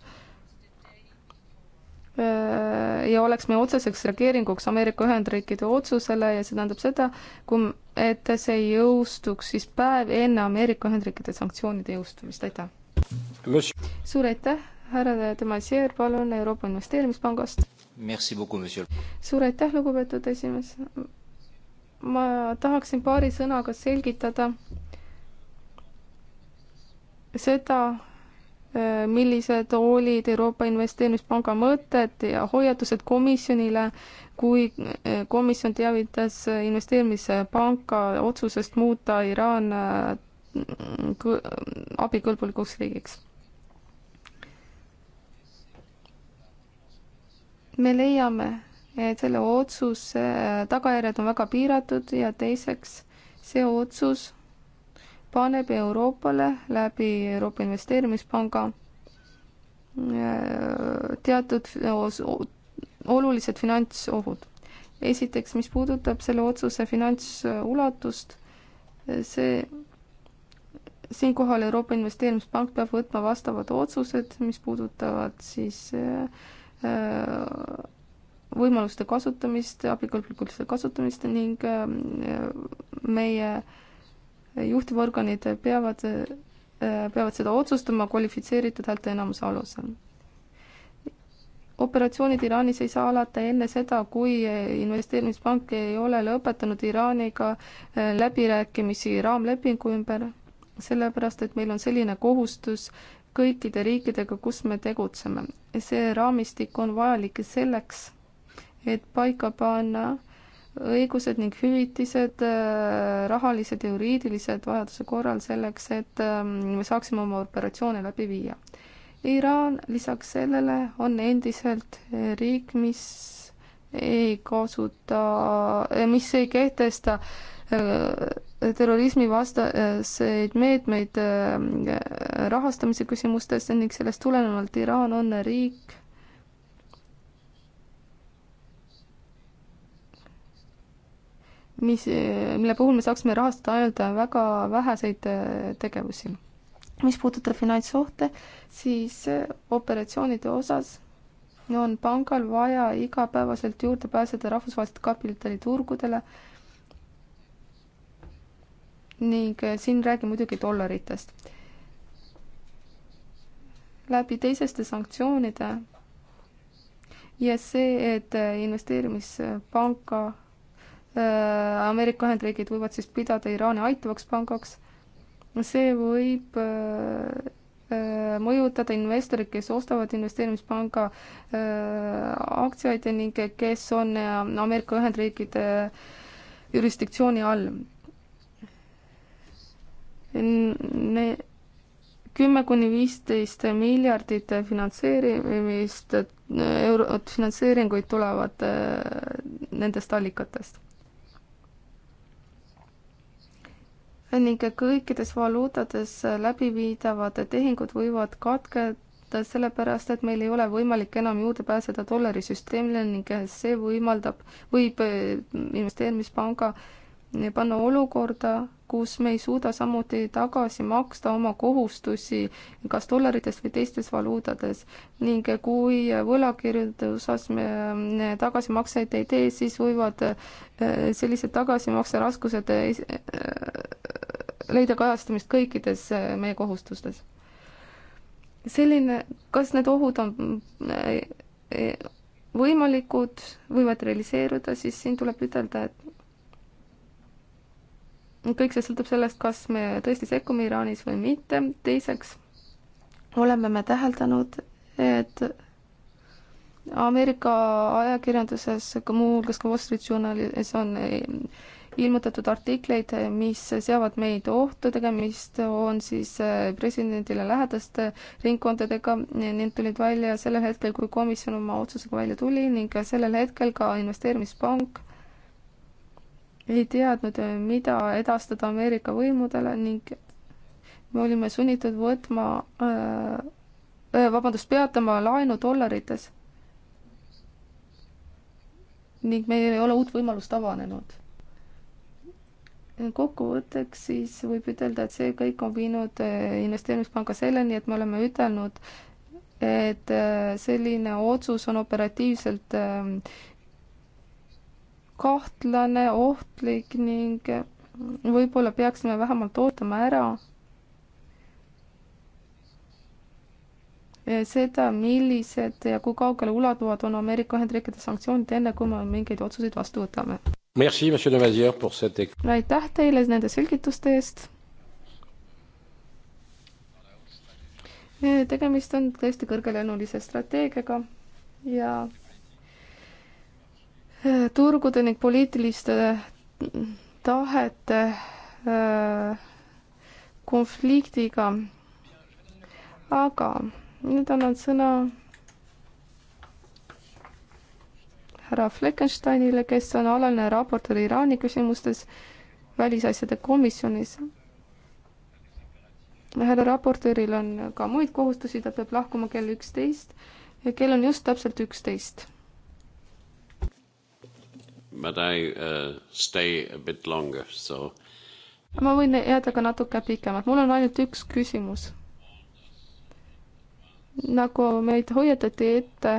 Äh, ja oleks meie otseseks reageeringuks Ameerika Ühendriikide otsusele ja see tähendab seda, kui, et see jõustuks siis päev enne Ameerika Ühendriikide sanktsioonide jõustumist, aitäh. suur aitäh, härra Demasier, palun Euroopa Investeerimispangast. suur aitäh, lugupeetud esimees. ma tahaksin paari sõnaga selgitada seda, Äh, millised olid Euroopa Investeerimispanga mõtted ja hoiatused komisjonile, kui äh, komisjon teavitas investeerimispanka otsusest muuta Iraan äh, abikõlbulikuks riigiks. me leiame, et selle otsuse tagajärjed on väga piiratud ja teiseks see otsus paneb Euroopale läbi Euroopa Investeerimispanga äh, teatud olulised finantsohud. esiteks, mis puudutab selle otsuse finantsulatust, äh, see, siinkohal Euroopa Investeerimispank peab võtma vastavad otsused, mis puudutavad siis äh, võimaluste kasutamist, abikõlblikkuse kasutamist ning meie äh, juhtivorganid peavad, äh, peavad seda otsustama kvalifitseeritud häälteenamuse alusel. operatsioonid Iraanis ei saa alata enne seda, kui investeerimispank ei ole lõpetanud Iraaniga äh, läbirääkimisi raamlepingu ümber, sellepärast et meil on selline kohustus kõikide riikidega, kus me tegutseme. see raamistik on vajalik selleks, et paika panna õigused ning hüvitised, äh, rahalised ja juriidilised vajaduse korral selleks, et ähm, me saaksime oma operatsioone läbi viia. Iraan lisaks sellele on endiselt riik, mis ei kasuta, äh, mis ei kehtesta äh, terrorismivastaseid meetmeid rahastamise küsimustes ning sellest tulenevalt Iraan on riik, mis, mille puhul me saaksime rahastada ainult väga väheseid äh, tegevusi. mis puudutab finantsohte, siis äh, operatsioonide osas on pangal vaja igapäevaselt juurde pääseda rahvusvaheliste kapitaliturgudele ning äh, siin räägin muidugi dollaritest. läbi teiseste sanktsioonide ja see, et investeerimispanka Äh, Ameerika Ühendriigid võivad siis pidada Iraani aitavaks pangaks. see võib äh, äh, mõjutada investoreid, kes ostavad investeerimispanga aktsiaid ning kes on Ameerika Ühendriikide jurisdiktsiooni all ne-, kümme kuni viisteist miljardit finantseerimist, eurot finantseeringuid tulevad nendest allikatest. ning kõikides valuutades läbiviidavad tehingud võivad katkeda sellepärast, et meil ei ole võimalik enam juurde pääseda dollarisüsteemile ning see võimaldab, võib eh, investeerimispanga äh, panna olukorda, kus me ei suuda samuti tagasi maksta oma kohustusi kas dollarites või teistes valuutades ning kui võlakirjade osas me tagasimakseid ei tee, siis võivad äh, sellised tagasimakseraskused äh, leida kajastamist kõikides äh, meie kohustustes. selline, kas need ohud on võimalikud, võivad realiseeruda, siis siin tuleb ütelda, et kõik see sõltub sellest, kas me tõesti sekkume Iraanis või mitte. teiseks oleme me täheldanud, et Ameerika ajakirjanduses, muuhulgas ka Wall Street Journalis on ilmutatud artikleid, mis seavad meid ohtu, tegemist on siis äh, presidendile lähedaste ringkondadega, need tulid välja sellel hetkel, kui komisjon oma otsusega välja tuli ning sellel hetkel ka investeerimispank ei teadnud, eh, mida edastada Ameerika võimudele ning me olime sunnitud võtma äh,, vabandust, peatama laenu dollarites. ning meil ei ole uut võimalust avanenud. kokkuvõtteks siis võib ütelda, et see kõik on viinud investeerimispanga selleni, et me oleme ütelnud, et selline otsus on operatiivselt kahtlane, ohtlik ning võib-olla peaksime vähemalt ootama ära seda, millised ja kui kaugele ulatuvad on Ameerika Ühendriikide sanktsioonid, enne kui me mingeid otsuseid vastu võtame. Cette... aitäh teile nende selgituste eest. tegemist on tõesti kõrgelennulise strateegiaga ja turgude ning poliitiliste tahete äh, konfliktiga. aga nüüd annan sõna härra Fleckensteinile, kes on alaline raportöör Iraani küsimustes välisasjade komisjonis. härra raportööril on ka muid kohustusi, ta peab lahkuma kell üksteist ja kell on just täpselt üksteist But I uh, stay a bit longer, so. ma võin jääda ka natuke pikemalt, mul on ainult üks küsimus. nagu meid hoiatati ette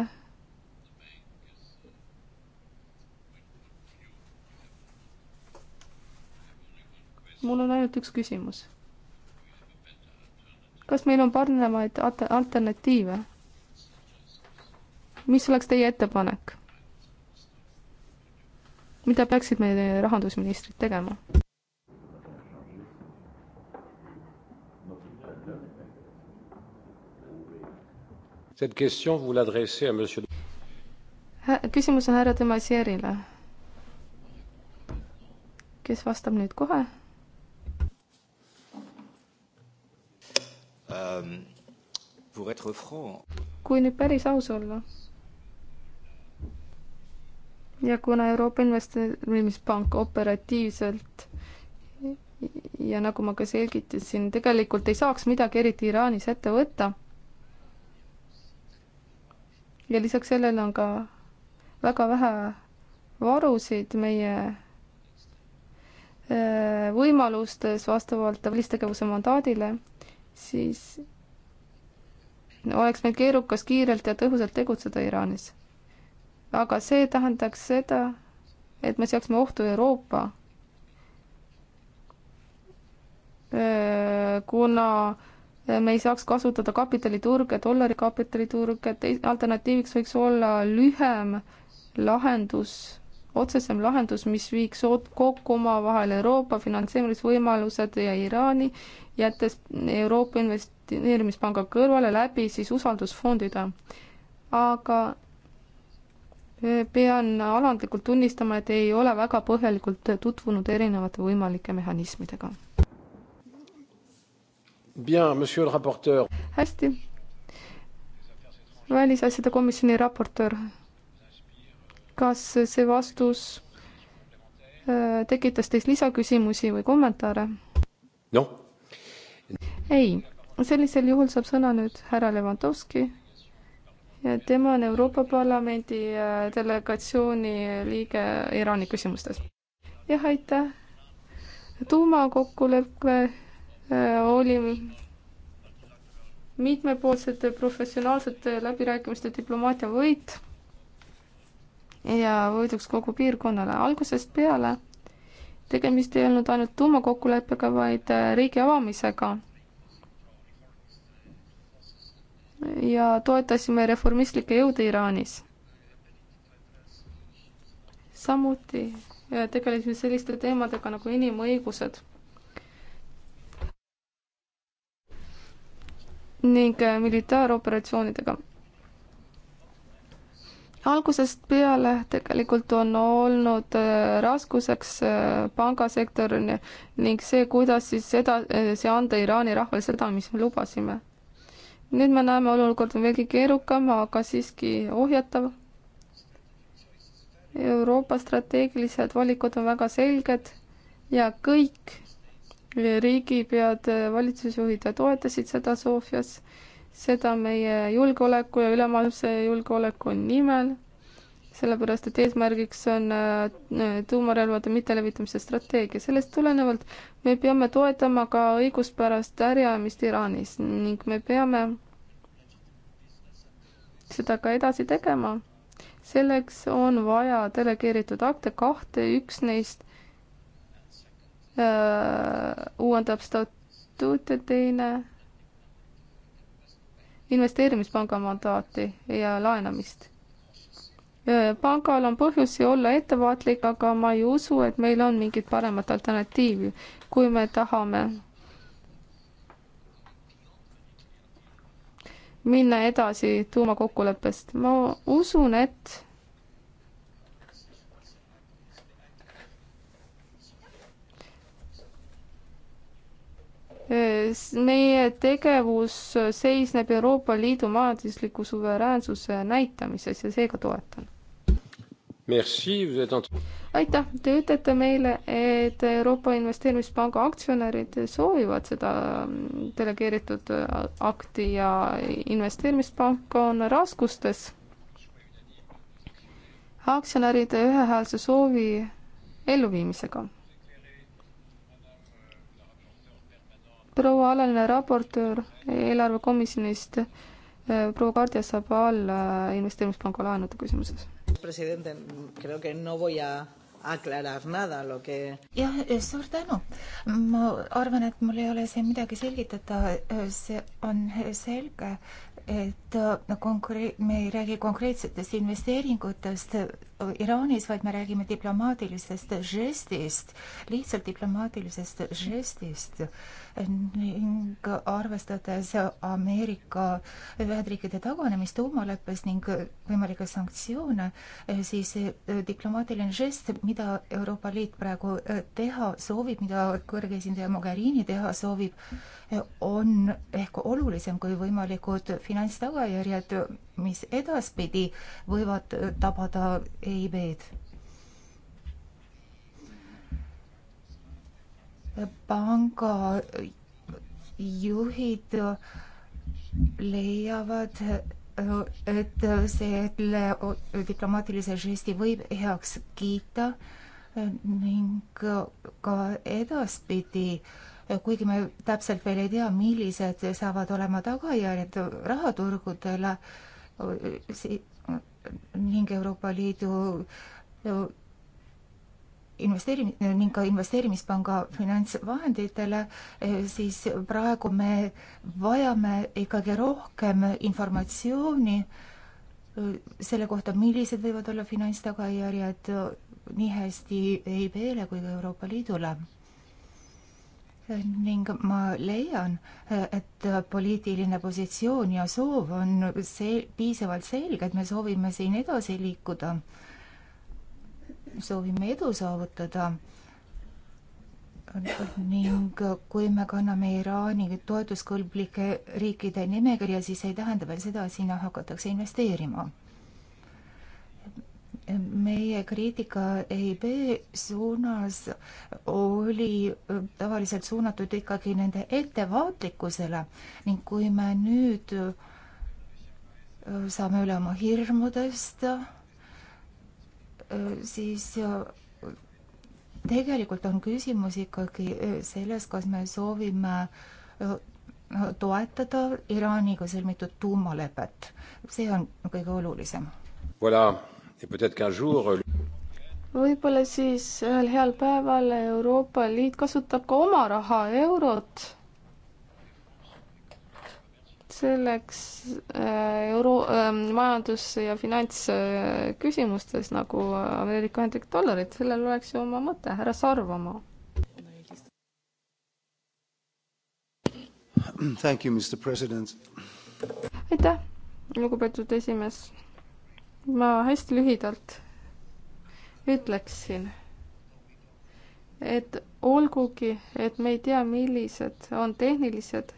mul on ainult üks küsimus. kas meil on paremaid alternatiive? mis oleks teie ettepanek? mida peaksid meie rahandusministrid tegema? Cette question, vous l'adressez à monsieur... Küsimus on härra Demasierile, kes vastab nüüd kohe um,. Pour être franc... kui nüüd päris aus olla ja kuna Euroopa Investeerimispank operatiivselt ja nagu ma ka selgitasin, tegelikult ei saaks midagi eriti Iraanis ette võtta. ja lisaks sellele on ka väga vähe varusid meie äh, võimalustes vastavalt välistegevuse mandaadile, siis oleks meil keerukas kiirelt ja tõhusalt tegutseda Iraanis aga see tähendaks seda, et me seaksime ohtu Euroopa. kuna me ei saaks kasutada kapitaliturge, dollari kapitaliturge, alternatiiviks võiks olla lühem lahendus, otsesem lahendus, mis viiks kokku omavahel Euroopa finantseerimisvõimalused ja Iraani, jättes Euroopa Investeerimispanga kõrvale läbi siis usaldusfondide. aga pean alandlikult tunnistama, et ei ole väga põhjalikult tutvunud erinevate võimalike mehhanismidega. hästi. välisasjade komisjoni raportöör. kas see vastus äh, tekitas teis lisaküsimusi või kommentaare? noh. ei, sellisel juhul saab sõna nüüd härra Levanovski tema on Euroopa Parlamendi äh, delegatsiooni liige Iraani küsimustes. jah, aitäh. tuumakokkulepe äh, oli mitmepoolsete professionaalsete läbirääkimiste diplomaatia võit ja võiduks kogu piirkonnale. algusest peale tegemist ei olnud ainult tuumakokkuleppega, vaid äh, riigi avamisega ja toetasime reformistlikke jõude Iraanis. samuti äh, tegelesime selliste teemadega nagu inimõigused ning äh, militaaroperatsioonidega. algusest peale tegelikult on olnud äh, raskuseks pangasektor ning see, kuidas siis edasi anda Iraani rahvale seda, mis me lubasime nüüd me näeme, olukord on veelgi keerukam, aga siiski ohjatav. Euroopa strateegilised valikud on väga selged ja kõik riigipead, valitsusjuhid toetasid seda Sofias, seda meie julgeoleku ja ülemaailmse julgeoleku nimel sellepärast et eesmärgiks on äh, tuumarelvade mittelevitamise strateegia. sellest tulenevalt me peame toetama ka õiguspärast äriajamist Iraanis ning me peame seda ka edasi tegema. selleks on vaja delegeeritud akte, kahte, üks neist öö, äh, uuendab statuut ja teine investeerimispanga mandaati ja laenamist pangal on põhjusi olla ettevaatlik, aga ma ei usu, et meil on mingit paremat alternatiivi, kui me tahame minna edasi tuumakokkuleppest. ma usun, et meie tegevus seisneb Euroopa Liidu majandusliku suveräänsuse näitamises ja seega toetan aitäh, te ütlete meile, et Euroopa Investeerimispanga aktsionärid soovivad seda mm, delegeeritud äh, akti ja investeerimispank on raskustes. aktsionäride ühehäälse soovi elluviimisega. proua alaline raportöör eelarvekomisjonist proua Kardias saab alla investeerimispanga laenude küsimuses. president, creo que no voy a aclarar nada lo que. jah, eh, suur tänu. ma arvan, et mul ei ole siin midagi selgitada, eh, see on selge, et eh, no konkreet-, me ei räägi konkreetsetest investeeringutest, Iraanis, vaid me räägime diplomaatilisest žestist, lihtsalt diplomaatilisest žestist ning arvestades Ameerika Ühendriikide taganemist tuumaleppes ning võimalikke sanktsioone, siis diplomaatiline žest, mida Euroopa Liit praegu teha soovib, mida kõrge esindaja Mogherini teha soovib, on ehk olulisem kui võimalikud finantstagajärjed, mis edaspidi võivad tabada EIB-d. panga juhid leiavad, et selle diplomaatilise žesti võib heaks kiita ning ka edaspidi, kuigi me täpselt veel ei tea, millised saavad olema tagajärjed rahaturgudele, ning Euroopa Liidu äh, investeeri- ning ka investeerimispanga finantsvahenditele, äh, siis praegu me vajame ikkagi rohkem informatsiooni äh, selle kohta, millised võivad olla finantstagajärjed nii hästi EIB-le kui ka Euroopa Liidule ning ma leian, et poliitiline positsioon ja soov on see piisavalt selge, et me soovime siin edasi liikuda. soovime edu saavutada. ning kui me kanname Iraani toetuskõlblike riikide nimekirja, siis see ei tähenda veel seda, et sinna hakatakse investeerima meie kriitika EIB suunas oli äh, tavaliselt suunatud ikkagi nende ettevaatlikkusele ning kui me nüüd äh, saame üle oma hirmudest, äh, siis tegelikult on küsimus ikkagi selles, kas me soovime toetada Iraaniga sõlmitud tuumalepet. see on kõige olulisem voilà Euh, võib-olla siis ühel heal päeval Euroopa Liit kasutab ka oma raha, eurot, selleks äh, euro äh,, majandus- ja finantsküsimustes äh, nagu Ameerika Ühendriikide dollarid, sellel oleks ju oma mõte, härra Sarvamaa. aitäh, lugupeetud esimees ma hästi lühidalt ütleksin, et olgugi, et me ei tea, millised on tehnilised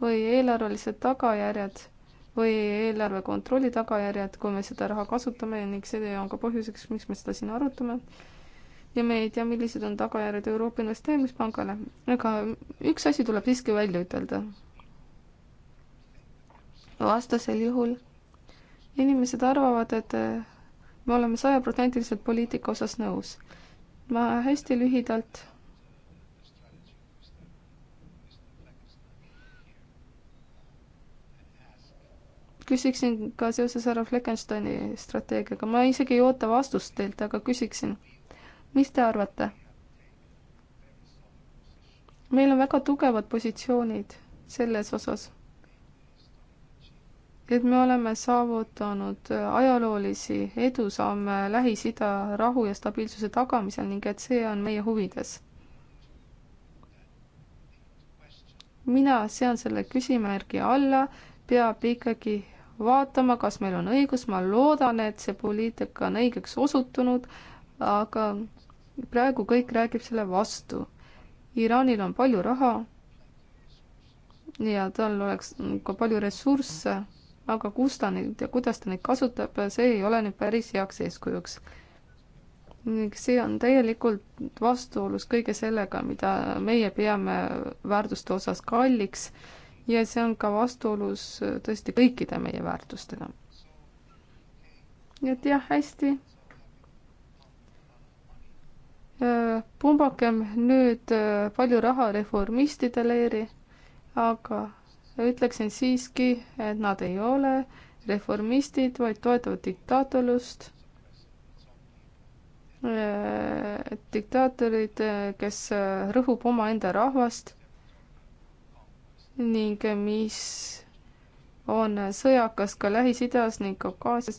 või eelarvelised tagajärjed või eelarve kontrolli tagajärjed, kui me seda raha kasutame ning see on ka põhjuseks, miks me seda siin arutame. ja me ei tea, millised on tagajärjed Euroopa Investeerimispangale, aga üks asi tuleb siiski välja ütelda. vastasel juhul inimesed arvavad, et äh, me oleme sajaprotsendiliselt poliitika osas nõus. ma hästi lühidalt küsiksin ka seoses härra Fleckensteini strateegiaga, ma isegi ei oota vastust teilt, aga küsiksin, mis te arvate? meil on väga tugevad positsioonid selles osas et me oleme saavutanud äh, ajaloolisi edusamme Lähis-Ida rahu ja stabiilsuse tagamisel ning et see on meie huvides. mina sean selle küsimärgi alla, peab ikkagi vaatama, kas meil on õigus, ma loodan, et see poliitika on õigeks osutunud, aga praegu kõik räägib selle vastu. Iraanil on palju raha ja tal oleks ka palju ressursse aga kus ta neid ja kuidas ta neid kasutab, see ei ole nüüd päris heaks eeskujuks. see on täielikult vastuolus kõige sellega, mida meie peame väärtuste osas kalliks ja see on ka vastuolus tõesti kõikide meie väärtustega. nii et jah, hästi. Äh, pumbakem nüüd äh, palju raha reformistide leeri, aga ütleksin siiski, et nad ei ole reformistid, vaid toetavad diktaatorlust. Äh, diktaatorid, äh, kes äh, rõhub omaenda rahvast ning mis on sõjakas ka Lähis-Idas ning Kaukaasias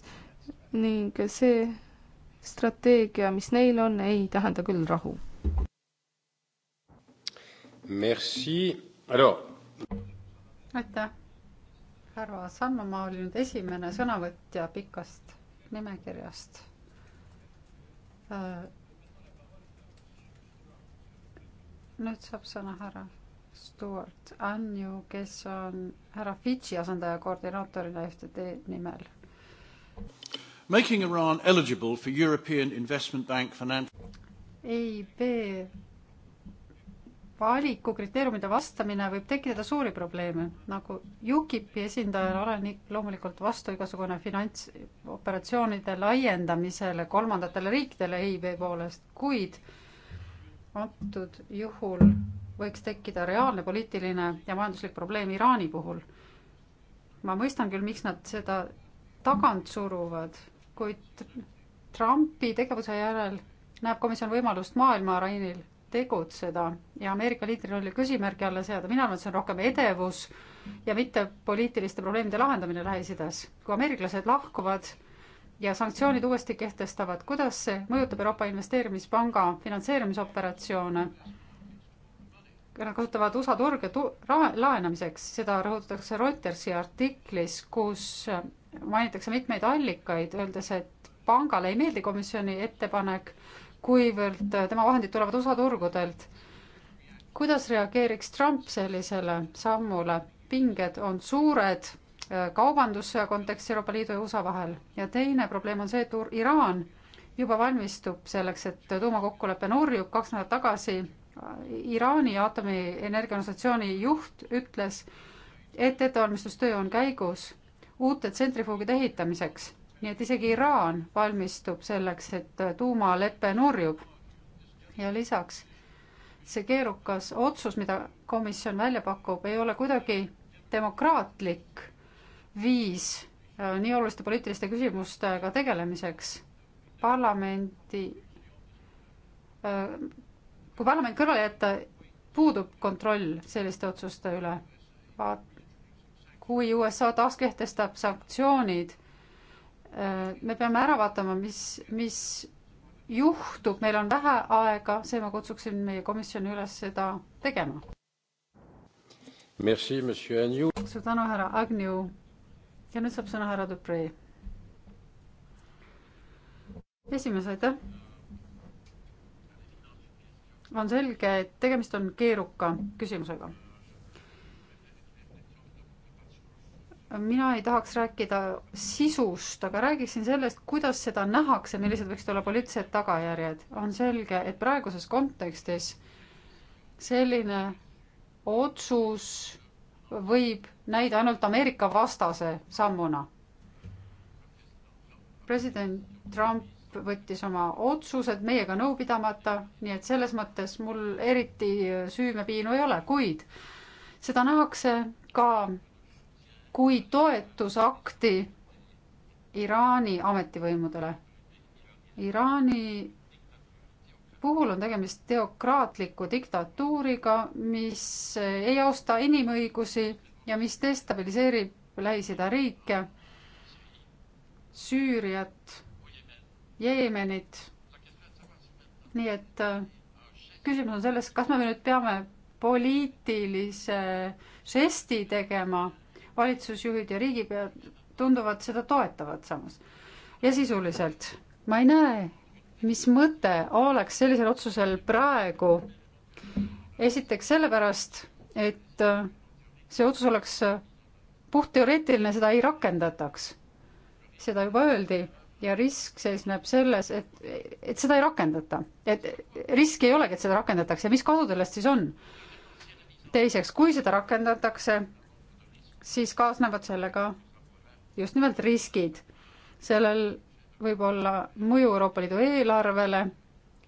ning see strateegia, mis neil on, ei tähenda küll rahu. Merci, alors aitäh, härra Sanno, ma olin nüüd esimene sõnavõtja pikast nimekirjast. Äh, nüüd saab sõna härra Stewart Anju, kes on härra Fidži asendaja koordinaatorina FTD nimel. Making Iran eligible for European Investment Bank finance. EIB valikukriteeriumide vastamine võib tekitada suuri probleeme, nagu UKIP-i esindajana olen loomulikult vastu igasugune finantsoperatsioonide laiendamisele kolmandatele riikidele EIB poolest, kuid antud juhul võiks tekkida reaalne poliitiline ja majanduslik probleem Iraani puhul. ma mõistan küll, miks nad seda tagant suruvad, kuid Trumpi tegevuse järel näeb komisjon võimalust maailma areenil tegutseda ja Ameerika liidrirolli küsimärgi alla seada, mina arvan, et see on rohkem edevus ja mitte poliitiliste probleemide lahendamine Lähis-Idas. kui ameeriklased lahkuvad ja sanktsioonid uuesti kehtestavad, kuidas see mõjutab Euroopa Investeerimispanga finantseerimisoperatsioone? Nad kasutavad USA turge tu-, ra-, laenamiseks, seda rõhutatakse Reutersi artiklis, kus mainitakse mitmeid allikaid, öeldes, et pangale ei meeldi komisjoni ettepanek kuivõrd äh, tema vahendid tulevad osaturgudelt. kuidas reageeriks Trump sellisele sammule? pinged on suured äh, kaubandussõja kontekstis Euroopa Liidu ja USA vahel ja teine probleem on see, et Iraan juba valmistub selleks, et tuumakokkulepe nurjub kaks nädalat tagasi. Äh, Iraani aatomienergiaorganisatsiooni juht ütles, et ettevalmistustöö on käigus uute tsentrifuugide ehitamiseks nii et isegi Iraan valmistub selleks, et äh, tuumalepe nurjub. ja lisaks see keerukas otsus, mida komisjon välja pakub, ei ole kuidagi demokraatlik viis äh, nii oluliste poliitiliste küsimustega tegelemiseks. parlamendi, äh, kui parlament kõrvale jätta, puudub kontroll selliste otsuste üle. kui USA taas kehtestab sanktsioonid Äh, me peame ära vaatama, mis, mis juhtub, meil on vähe aega, see ma kutsuksin meie komisjoni üles seda tegema. suur tänu, härra Agnew. ja nüüd saab sõna härra Dupree. esimees, aitäh. on selge, et tegemist on keeruka küsimusega mina ei tahaks rääkida sisust, aga räägiksin sellest, kuidas seda nähakse, millised võiksid olla poliitilised tagajärjed. on selge, et praeguses kontekstis selline otsus võib näida ainult Ameerika vastase sammuna. president Trump võttis oma otsused meiega nõu pidamata, nii et selles mõttes mul eriti süümepiinu ei ole, kuid seda nähakse ka kui toetusakti Iraani ametivõimudele. Iraani puhul on tegemist teokraatliku diktatuuriga, mis ei austa inimõigusi ja mis destabiliseerib Lähis-Ida riike, Süüriat, Jeemenit. nii et äh, küsimus on selles, kas me nüüd peame poliitilise žesti tegema valitsusjuhid ja riigipead tunduvad seda toetavat samas. ja sisuliselt ma ei näe, mis mõte oleks sellisel otsusel praegu. esiteks sellepärast, et äh, see otsus oleks äh, puhtteoreetiline, seda ei rakendataks. seda juba öeldi ja risk seisneb selles, et, et seda ei rakendata, et risk ei olegi, et seda rakendatakse, mis kasu sellest siis on? teiseks, kui seda rakendatakse, siis kaasnevad sellega just nimelt riskid. sellel võib olla mõju Euroopa Liidu eelarvele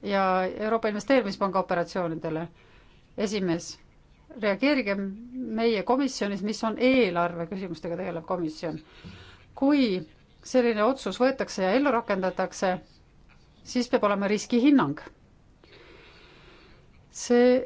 ja Euroopa Investeerimispanga operatsioonidele. esimees, reageerige meie komisjonis, mis on eelarve küsimustega tegelev komisjon. kui selline otsus võetakse ja ellu rakendatakse, siis peab olema riskihinnang. see,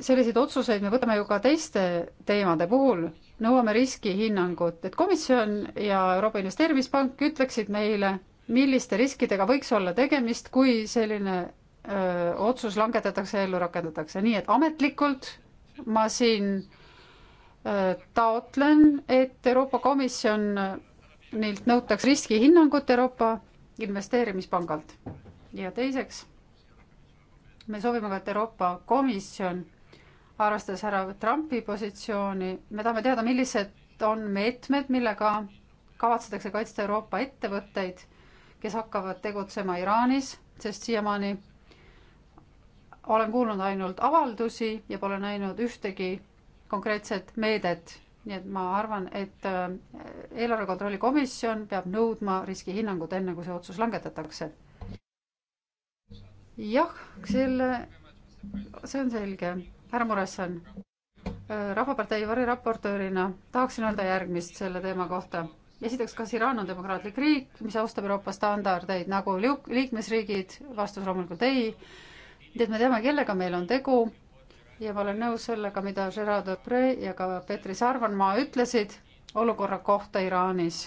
selliseid otsuseid me võtame ju ka teiste teemade puhul nõuame riskihinnangut, et komisjon ja Euroopa Investeerimispank ütleksid meile, milliste riskidega võiks olla tegemist, kui selline öö, otsus langetatakse ja ellu rakendatakse, nii et ametlikult ma siin öö, taotlen, et Euroopa Komisjon, neilt nõutaks riskihinnangut Euroopa Investeerimispangalt. ja teiseks, me soovime ka, et Euroopa Komisjon arvestades härra Trumpi positsiooni, me tahame teada, millised on meetmed, millega kavatsetakse kaitsta Euroopa ettevõtteid, kes hakkavad tegutsema Iraanis, sest siiamaani olen kuulnud ainult avaldusi ja pole näinud ühtegi konkreetset meedet. nii et ma arvan, et äh, eelarve kontrolli komisjon peab nõudma riskihinnangut, enne kui see otsus langetatakse. jah, selle, see on selge härra Muresson, äh, Rahvapartei variraportöörina tahaksin öelda järgmist selle teema kohta. esiteks, kas Iraan on demokraatlik riik, mis austab Euroopa standardeid nagu liuk-, liikmesriigid, vastus loomulikult ei. nii et me teame, kellega meil on tegu ja ma olen nõus sellega, mida Gerard Depree ja ka Petri Sarvanmaa ütlesid olukorra kohta Iraanis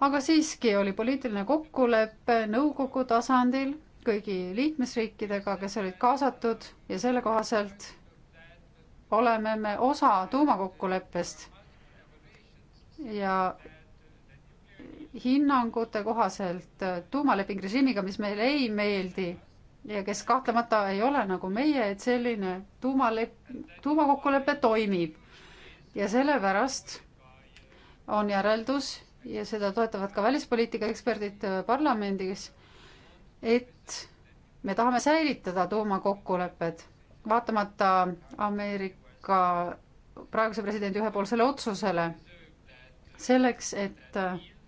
aga siiski oli poliitiline kokkulepe nõukogu tasandil kõigi liikmesriikidega, kes olid kaasatud ja selle kohaselt oleme me osa tuumakokkuleppest ja hinnangute kohaselt tuumaleping režiimiga, mis meile ei meeldi ja kes kahtlemata ei ole nagu meie, et selline tuumalep-, tuumakokkulepe toimib. ja sellepärast on järeldus ja seda toetavad ka välispoliitika eksperdid parlamendis et me tahame säilitada tuumakokkulepped, vaatamata Ameerika praeguse presidendi ühepoolsele otsusele. selleks, et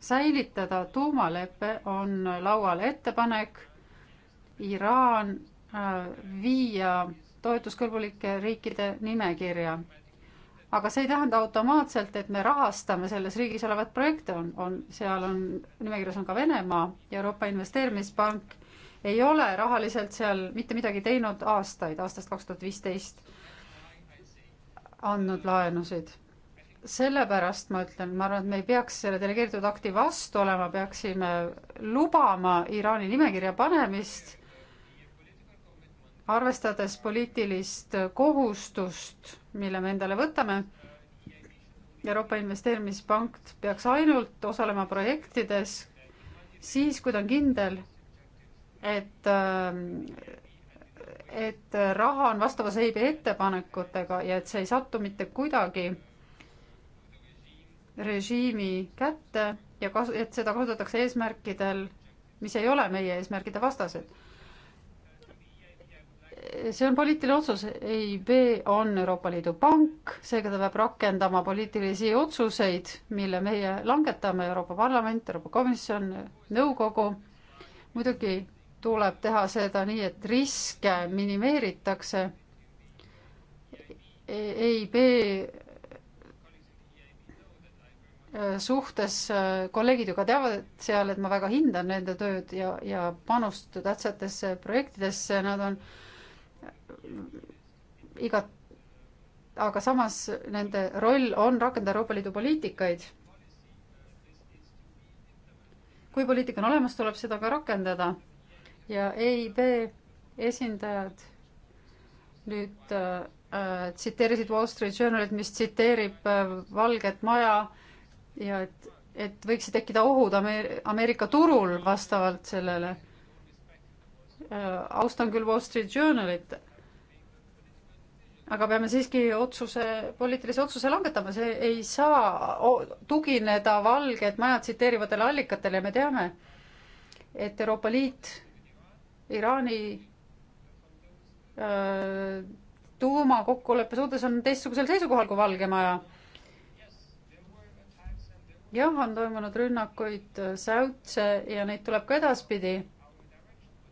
säilitada tuumalepe, on laual ettepanek Iraan äh, viia toetuskõlbulike riikide nimekirja. aga see ei tähenda automaatselt, et me rahastame selles riigis olevat projekte, on, on, seal on, nimekirjas on ka Venemaa ja Euroopa Investeerimispank ei ole rahaliselt seal mitte midagi teinud aastaid, aastast kaks tuhat viisteist, andnud laenusid. sellepärast ma ütlen, ma arvan, et me ei peaks selle delegeeritud akti vastu olema, peaksime lubama Iraani nimekirja panemist, arvestades poliitilist kohustust, mille me endale võtame Euroopa Investeerimispank peaks ainult osalema projektides siis, kui ta on kindel, et ähm, et raha on vastavas EIB ettepanekutega ja et see ei satu mitte kuidagi režiimi kätte ja kas-, et seda kasutatakse eesmärkidel, mis ei ole meie eesmärkide vastased. see on poliitiline otsus, EIB on Euroopa Liidu pank, seega ta peab rakendama poliitilisi otsuseid, mille meie langetame, Euroopa Parlament, Euroopa Komisjon, nõukogu, muidugi tuleb teha seda nii, et riske minimeeritakse. EIB suhtes kolleegid ju ka teavad seal, et ma väga hindan nende tööd ja, ja panust tähtsatesse projektidesse, nad on igat, aga samas nende roll on rakendada Euroopa Liidu poliitikaid. kui poliitika on olemas, tuleb seda ka rakendada ja EIB esindajad nüüd äh, tsiteerisid Wall Street Journalit, mis tsiteerib äh, Valget Maja ja et, et võiksid tekkida ohud Ameer-, Ameerika turul vastavalt sellele äh,. austan küll Wall Street Journalit, aga peame siiski otsuse, poliitilise otsuse langetama, see ei saa tugineda Valget Maja tsiteerivatele allikatele ja me teame, et Euroopa Liit Iraani äh, tuumakokkuleppe suhtes on teistsugusel seisukohal kui Valge Maja. jah, on toimunud rünnakuid äh, säutse ja neid tuleb ka edaspidi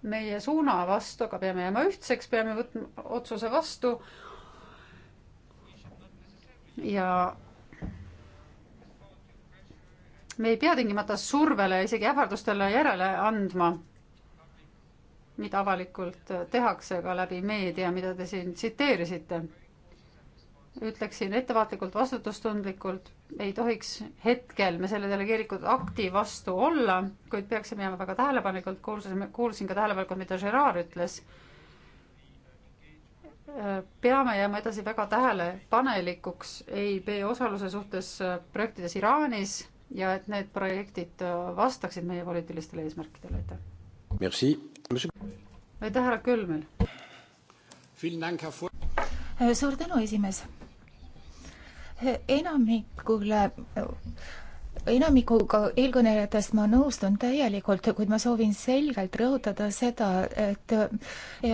meie suuna vastu, aga peame jääma ühtseks, peame võtma otsuse vastu. ja me ei pea tingimata survele, isegi ähvardustele järele andma mida avalikult tehakse ka läbi meedia, mida te siin tsiteerisite. ütleksin ettevaatlikult, vastutustundlikult, ei tohiks hetkel me selle delegeeritud akti vastu olla, kuid peaksime jääma väga tähelepanelikult, kuulsime, kuulsin ka tähelepanelikult, mida Gerard ütles. peame jääma edasi väga tähelepanelikuks EIB osaluse suhtes projektides Iraanis ja et need projektid vastaksid meie poliitilistele eesmärkidele, aitäh. Merci aitäh, härra Kölmel! suur tänu, esimees! enamikule enamikuga eelkõnelejatest ma nõustun täielikult, kuid ma soovin selgelt rõhutada seda, et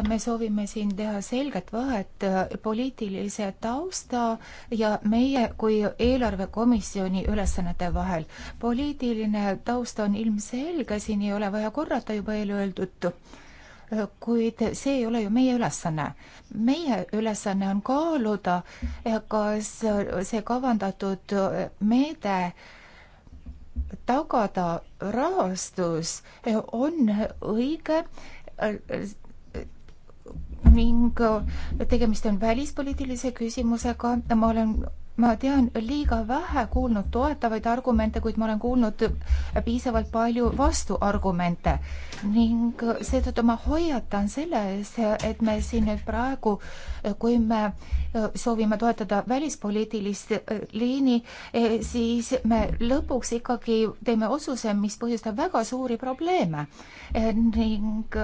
me soovime siin teha selget vahet poliitilise tausta ja meie kui eelarvekomisjoni ülesannete vahel. poliitiline taust on ilmselge, siin ei ole vaja korrata juba eelöeldut kuid see ei ole ju meie ülesanne. meie ülesanne on kaaluda, kas see kavandatud meede tagada rahastus, eh, on õige eh, ning eh, tegemist on välispoliitilise küsimusega, ma olen ma tean liiga vähe kuulnud toetavaid argumente, kuid ma olen kuulnud piisavalt palju vastuargumente ning seetõttu ma hoiatan selle ees, et me siin nüüd praegu, kui me soovime toetada välispoliitilist liini, siis me lõpuks ikkagi teeme otsuse, mis põhjustab väga suuri probleeme ning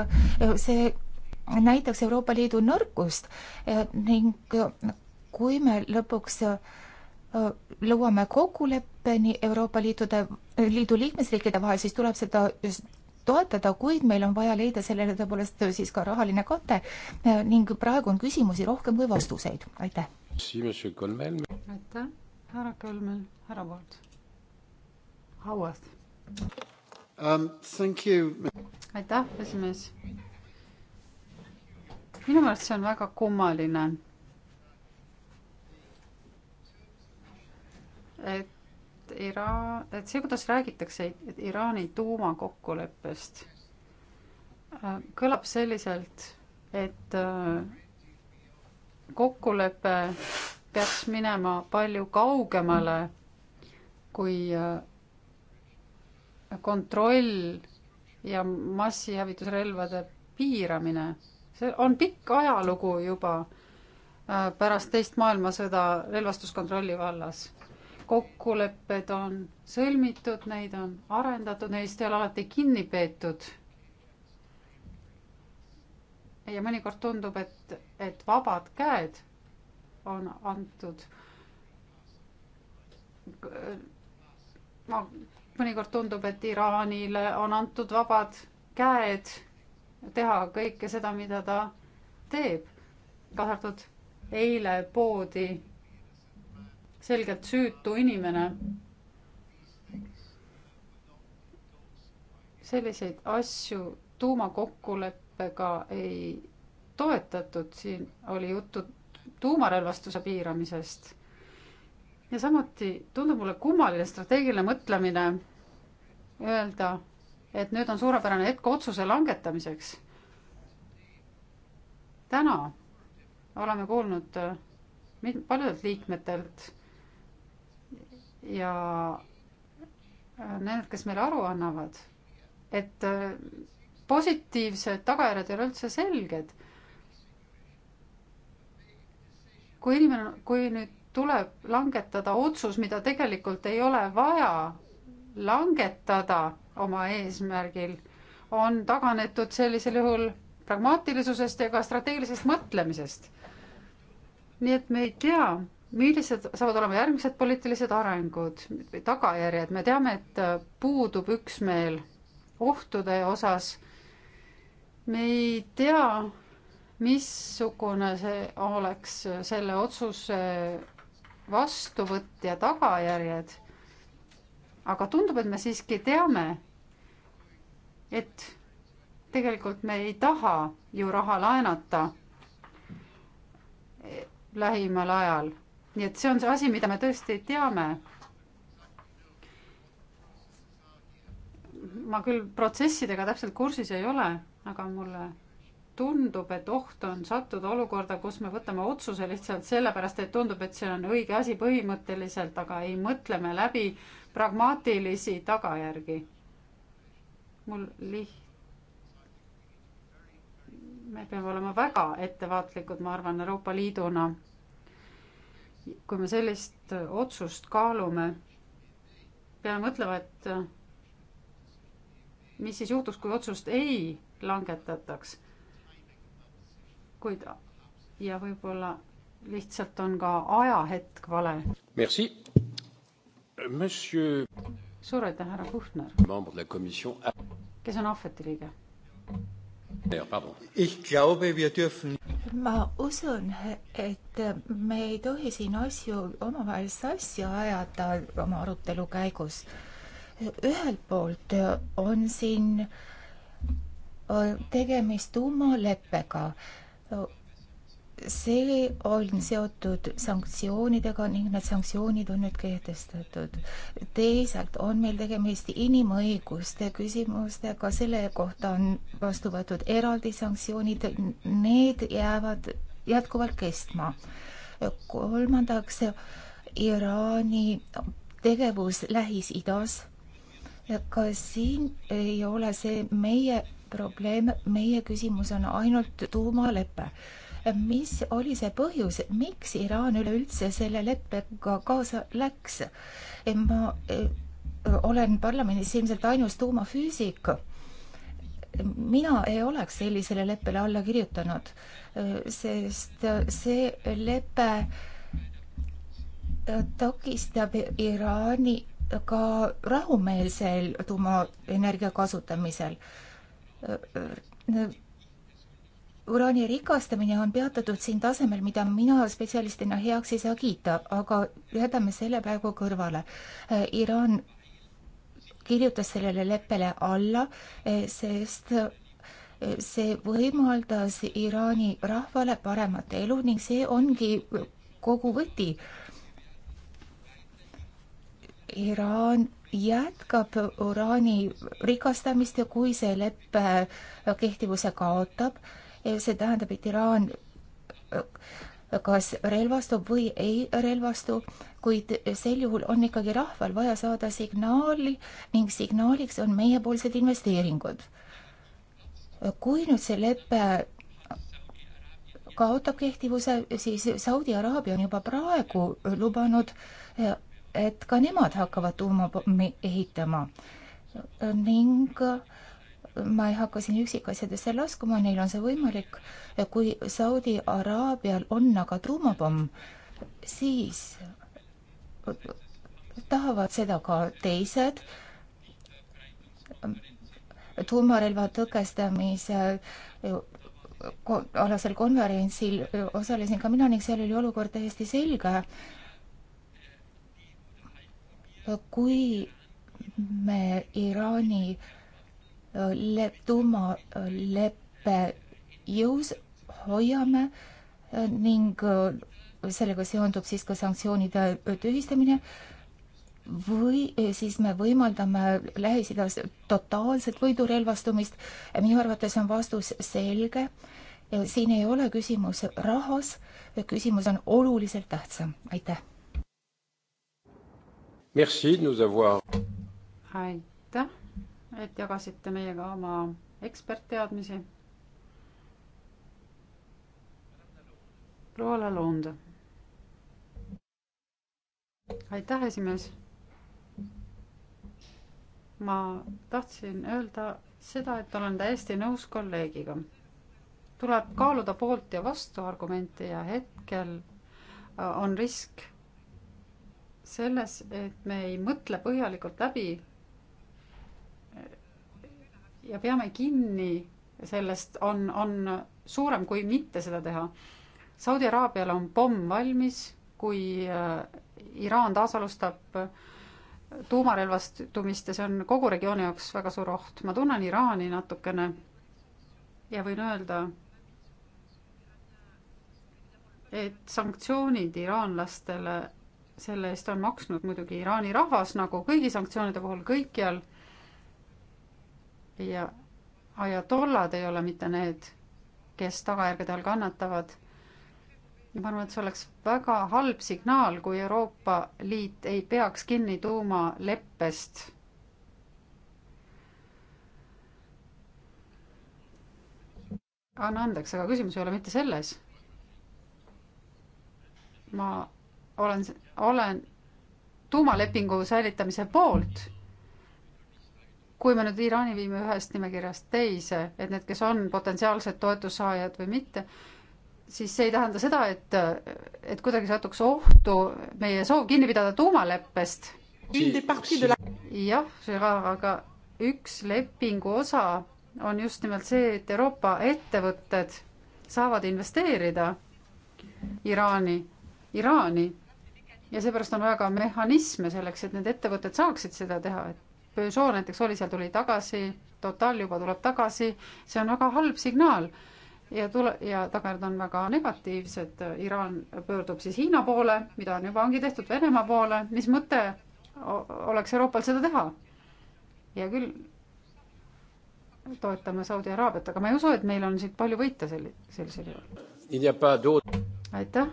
see näitaks Euroopa Liidu nõrkust ning kui me lõpuks äh, lõuame kokkuleppeni Euroopa Liitude, Liidu liikmesriikide vahel, siis tuleb seda toetada, kuid meil on vaja leida sellele tõepoolest siis ka rahaline kate ning praegu on küsimusi rohkem kui vastuseid, aitäh. aitäh, härra Kölmel, härra Poolt. Howard um,. aitäh, esimees. minu meelest see on väga kummaline et Iraan, et see, kuidas räägitakse Iraani tuumakokkuleppest, kõlab selliselt, et kokkulepe peaks minema palju kaugemale kui kontroll ja massihävitusrelvade piiramine. see on pikk ajalugu juba pärast teist maailmasõda relvastuskontrolli vallas kokkulepped on sõlmitud, neid on arendatud, neist ei ole alati kinni peetud. ja mõnikord tundub, et, et vabad käed on antud. ma, mõnikord tundub, et Iraanile on antud vabad käed teha kõike seda, mida ta teeb. kaasa arvatud eile poodi selgelt süütu inimene. selliseid asju tuumakokkuleppega ei toetatud, siin oli juttu tuumarelvastuse piiramisest. ja samuti tundub mulle kummaline strateegiline mõtlemine öelda, et nüüd on suurepärane hetk otsuse langetamiseks. täna oleme kuulnud äh, paljudelt liikmetelt ja äh, need, kes meile aru annavad, et äh, positiivsed tagajärjed ei ole üldse selged. kui inimene, kui nüüd tuleb langetada otsus, mida tegelikult ei ole vaja langetada oma eesmärgil, on taganetud sellisel juhul pragmaatilisusest ja ka strateegilisest mõtlemisest. nii et me ei tea millised saavad olema järgmised poliitilised arengud, tagajärjed, me teame, et äh, puudub üksmeel ohtude osas. me ei tea, missugune see oleks äh, selle otsuse vastuvõtja tagajärjed. aga tundub, et me siiski teame, et tegelikult me ei taha ju raha laenata eh, lähimal ajal nii et see on see asi, mida me tõesti teame. ma küll protsessidega täpselt kursis ei ole, aga mulle tundub, et oht on sattuda olukorda, kus me võtame otsuse lihtsalt sellepärast, et tundub, et see on õige asi põhimõtteliselt, aga ei mõtle me läbi pragmaatilisi tagajärgi. mul liht-, me peame olema väga ettevaatlikud, ma arvan, Euroopa Liiduna kui me sellist otsust kaalume, peame mõtlema, et mis siis juhtuks, kui otsust ei langetataks. kuid ja võib-olla lihtsalt on ka ajahetk vale. Merci, monsieur. suur aitäh, härra Puhner. kes on ahveti liige ma usun, et me ei tohi siin asju omavahel sassi ajada oma arutelu käigus. ühelt poolt on siin tegemist tuumaleppega see on seotud sanktsioonidega ning need sanktsioonid on nüüd kehtestatud. teisalt on meil tegemist inimõiguste küsimustega, selle kohta on vastu võetud eraldi sanktsioonid, need jäävad jätkuvalt kestma. kolmandaks, Iraani tegevus Lähis-Idas. ka siin ei ole see meie probleem, meie küsimus on ainult tuumalepe mis oli see põhjus, miks Iraan üleüldse selle leppega kaasa läks? ma e, olen parlamendis ilmselt ainus tuumafüüsik. mina ei oleks sellisele leppele alla kirjutanud, e, sest see lepe takistab Iraani ka rahumeelsel tuumaenergia kasutamisel e, uraani rikastamine on peatatud siin tasemel, mida mina spetsialistina heaks ei saa kiita, aga jätame selle praegu kõrvale. Iraan kirjutas sellele leppele alla, sest see võimaldas Iraani rahvale paremat elu ning see ongi kogu võti. Iraan jätkab uraani rikastamist ja kui see leppe kehtivuse kaotab, Eh, see tähendab, et Iraan eh, kas relvastub või ei relvastu, kuid sel juhul on ikkagi rahval vaja saada signaali ning signaaliks on meiepoolsed investeeringud. kui nüüd see lepe kaotab kehtivuse, siis Saudi Araabia on juba praegu lubanud, eh, et ka nemad hakkavad tuumapommi ehitama ning ma ei hakka siin üksikasjadesse laskuma, neil on see võimalik. kui Saudi Araabial on aga tuumapomm, siis tahavad seda ka teised. tuumarelva tõkestamise alasel konverentsil osalesin ka mina ning seal oli olukord täiesti selge. kui me Iraani äh, le-, tuumaleppe jõus hoiame äh, ning äh, sellega seondub siis ka sanktsioonide äh, tühistamine või siis me võimaldame Lähis-Idas totaalset võidurelvastumist. minu arvates on vastus selge. siin ei ole küsimus rahas, küsimus on oluliselt tähtsam. aitäh. aitäh et jagasite meiega oma ekspertteadmisi. proua Lalonde. aitäh, esimees. ma tahtsin öelda seda, et olen täiesti nõus kolleegiga. tuleb kaaluda poolt ja vastu argumente ja hetkel äh, on risk selles, et me ei mõtle põhjalikult läbi ja peame kinni sellest, on, on suurem kui mitte seda teha. Saudi Araabial on pomm valmis, kui äh, Iraan taasalustab äh, tuumarelvastumist ja see on kogu regiooni jaoks väga suur oht. ma tunnen Iraani natukene ja võin öelda, et sanktsioonid iraanlastele selle eest on maksnud muidugi Iraani rahvas, nagu kõigi sanktsioonide puhul kõikjal ja ajatollad ei ole mitte need, kes tagajärgede all kannatavad. ma arvan, et see oleks väga halb signaal, kui Euroopa Liit ei peaks kinni tuumaleppest. anna andeks, aga küsimus ei ole mitte selles. ma olen, olen tuumalepingu säilitamise poolt kui me nüüd Iraani viime ühest nimekirjast teise, et need, kes on potentsiaalsed toetussaajad või mitte, siis see ei tähenda seda, et, et kuidagi satuks ohtu meie soov kinni pidada tuumaleppest. jah, aga üks lepingu osa on just nimelt see, et Euroopa ettevõtted saavad investeerida Iraani, Iraani ja seepärast on vaja ka mehhanisme selleks, et need ettevõtted saaksid seda teha, et Peugeot näiteks oli seal, tuli tagasi, Total juba tuleb tagasi, see on väga halb signaal ja tule- ja tagajärjed on väga negatiivsed, Iraan pöördub siis Hiina poole, mida on juba, ongi tehtud Venemaa poole, mis mõte oleks Euroopal seda teha? hea küll, toetame Saudi Araabiat, aga ma ei usu, et meil on siit palju võita sel-, sellisel juhul. aitäh,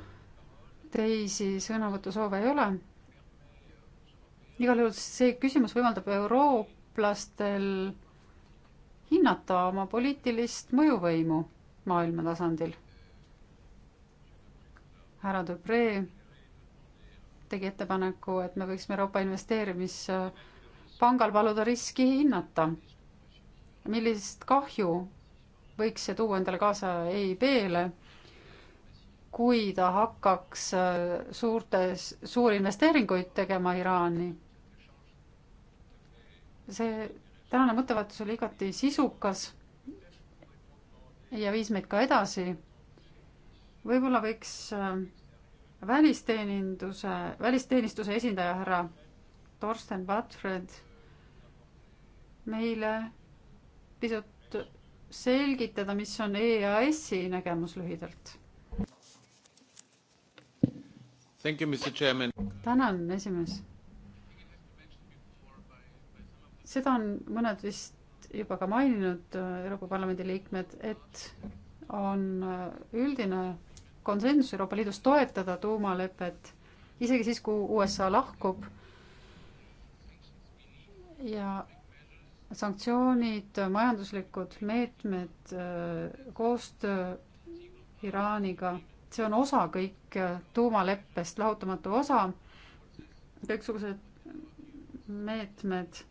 teisi sõnavõtusoove ei ole igal juhul see küsimus võimaldab eurooplastel hinnata oma poliitilist mõjuvõimu maailma tasandil. härra Dupré tegi ettepaneku, et me võiksime Euroopa Investeerimispangal paluda riski hinnata. millist kahju võiks see tuua endale kaasa EIB-le, kui ta hakkaks suurtes, suurinvesteeringuid tegema Iraani see tänane mõttevahetus oli igati sisukas ja viis meid ka edasi. võib-olla võiks äh, välisteeninduse, välisteenistuse esindaja härra Torsten Batfred meile pisut selgitada, mis on EAS-i nägemus lühidalt. tänan, esimees seda on mõned vist juba ka maininud äh, Euroopa Parlamendi liikmed, et on äh, üldine konsensus Euroopa Liidus toetada tuumalepet, isegi siis, kui USA lahkub ja sanktsioonid, majanduslikud meetmed, äh, koostöö Iraaniga, see on osa kõik tuumaleppest, lahutamatu osa, kõiksugused meetmed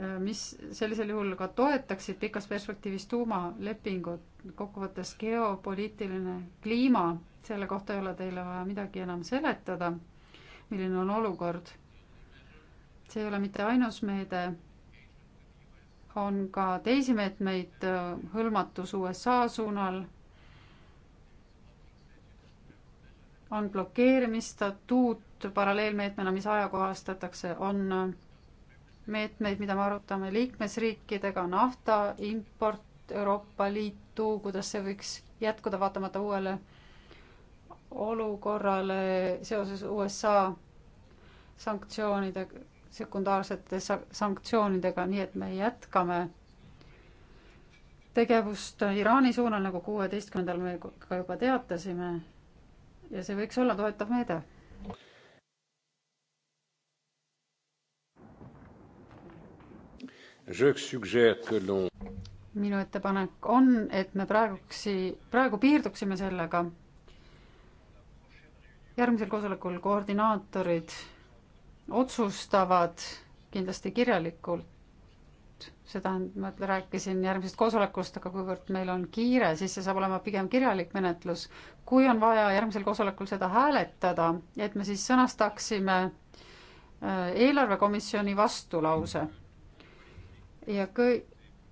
Äh, mis sellisel juhul ka toetaksid pikas perspektiivis tuumalepingut. kokkuvõttes geopoliitiline kliima, selle kohta ei ole teile vaja midagi enam seletada, milline on olukord. see ei ole mitte ainus meede, on ka teisi meetmeid, äh, hõlmatus USA suunal, on blokeerimisstatuut paralleelmeetmena, mis ajakohastatakse, on äh, meetmeid, mida me arutame liikmesriikidega, nafta import Euroopa Liitu, kuidas see võiks jätkuda vaatamata uuele olukorrale seoses USA sanktsioonide, sekundaarsete sanktsioonidega, nii et me jätkame tegevust Iraani suunal, nagu kuueteistkümnendal me ka juba teatasime. ja see võiks olla toetav meede minu ettepanek on, et me praeguksi, praegu piirduksime sellega. järgmisel koosolekul koordinaatorid otsustavad kindlasti kirjalikult, see tähendab, ma rääkisin järgmisest koosolekust, aga kuivõrd meil on kiire, siis see saab olema pigem kirjalik menetlus. kui on vaja järgmisel koosolekul seda hääletada, et me siis sõnastaksime äh, eelarvekomisjoni vastulause ja kõi-,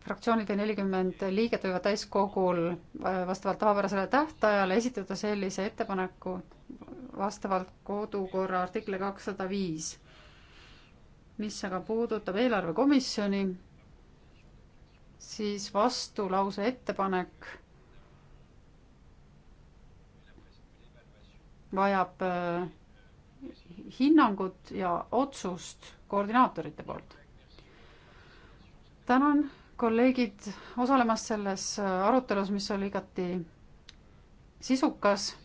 fraktsioonide nelikümmend liiget võivad täiskogul äh, vastavalt tavapärasele tähtajale esitada sellise ettepaneku vastavalt kodukorra artikli kakssada viis. mis aga puudutab eelarvekomisjoni, siis vastulause ettepanek vajab äh, hinnangut ja otsust koordinaatorite poolt tänan kolleegid osalemast selles arutelus, mis oli igati sisukas.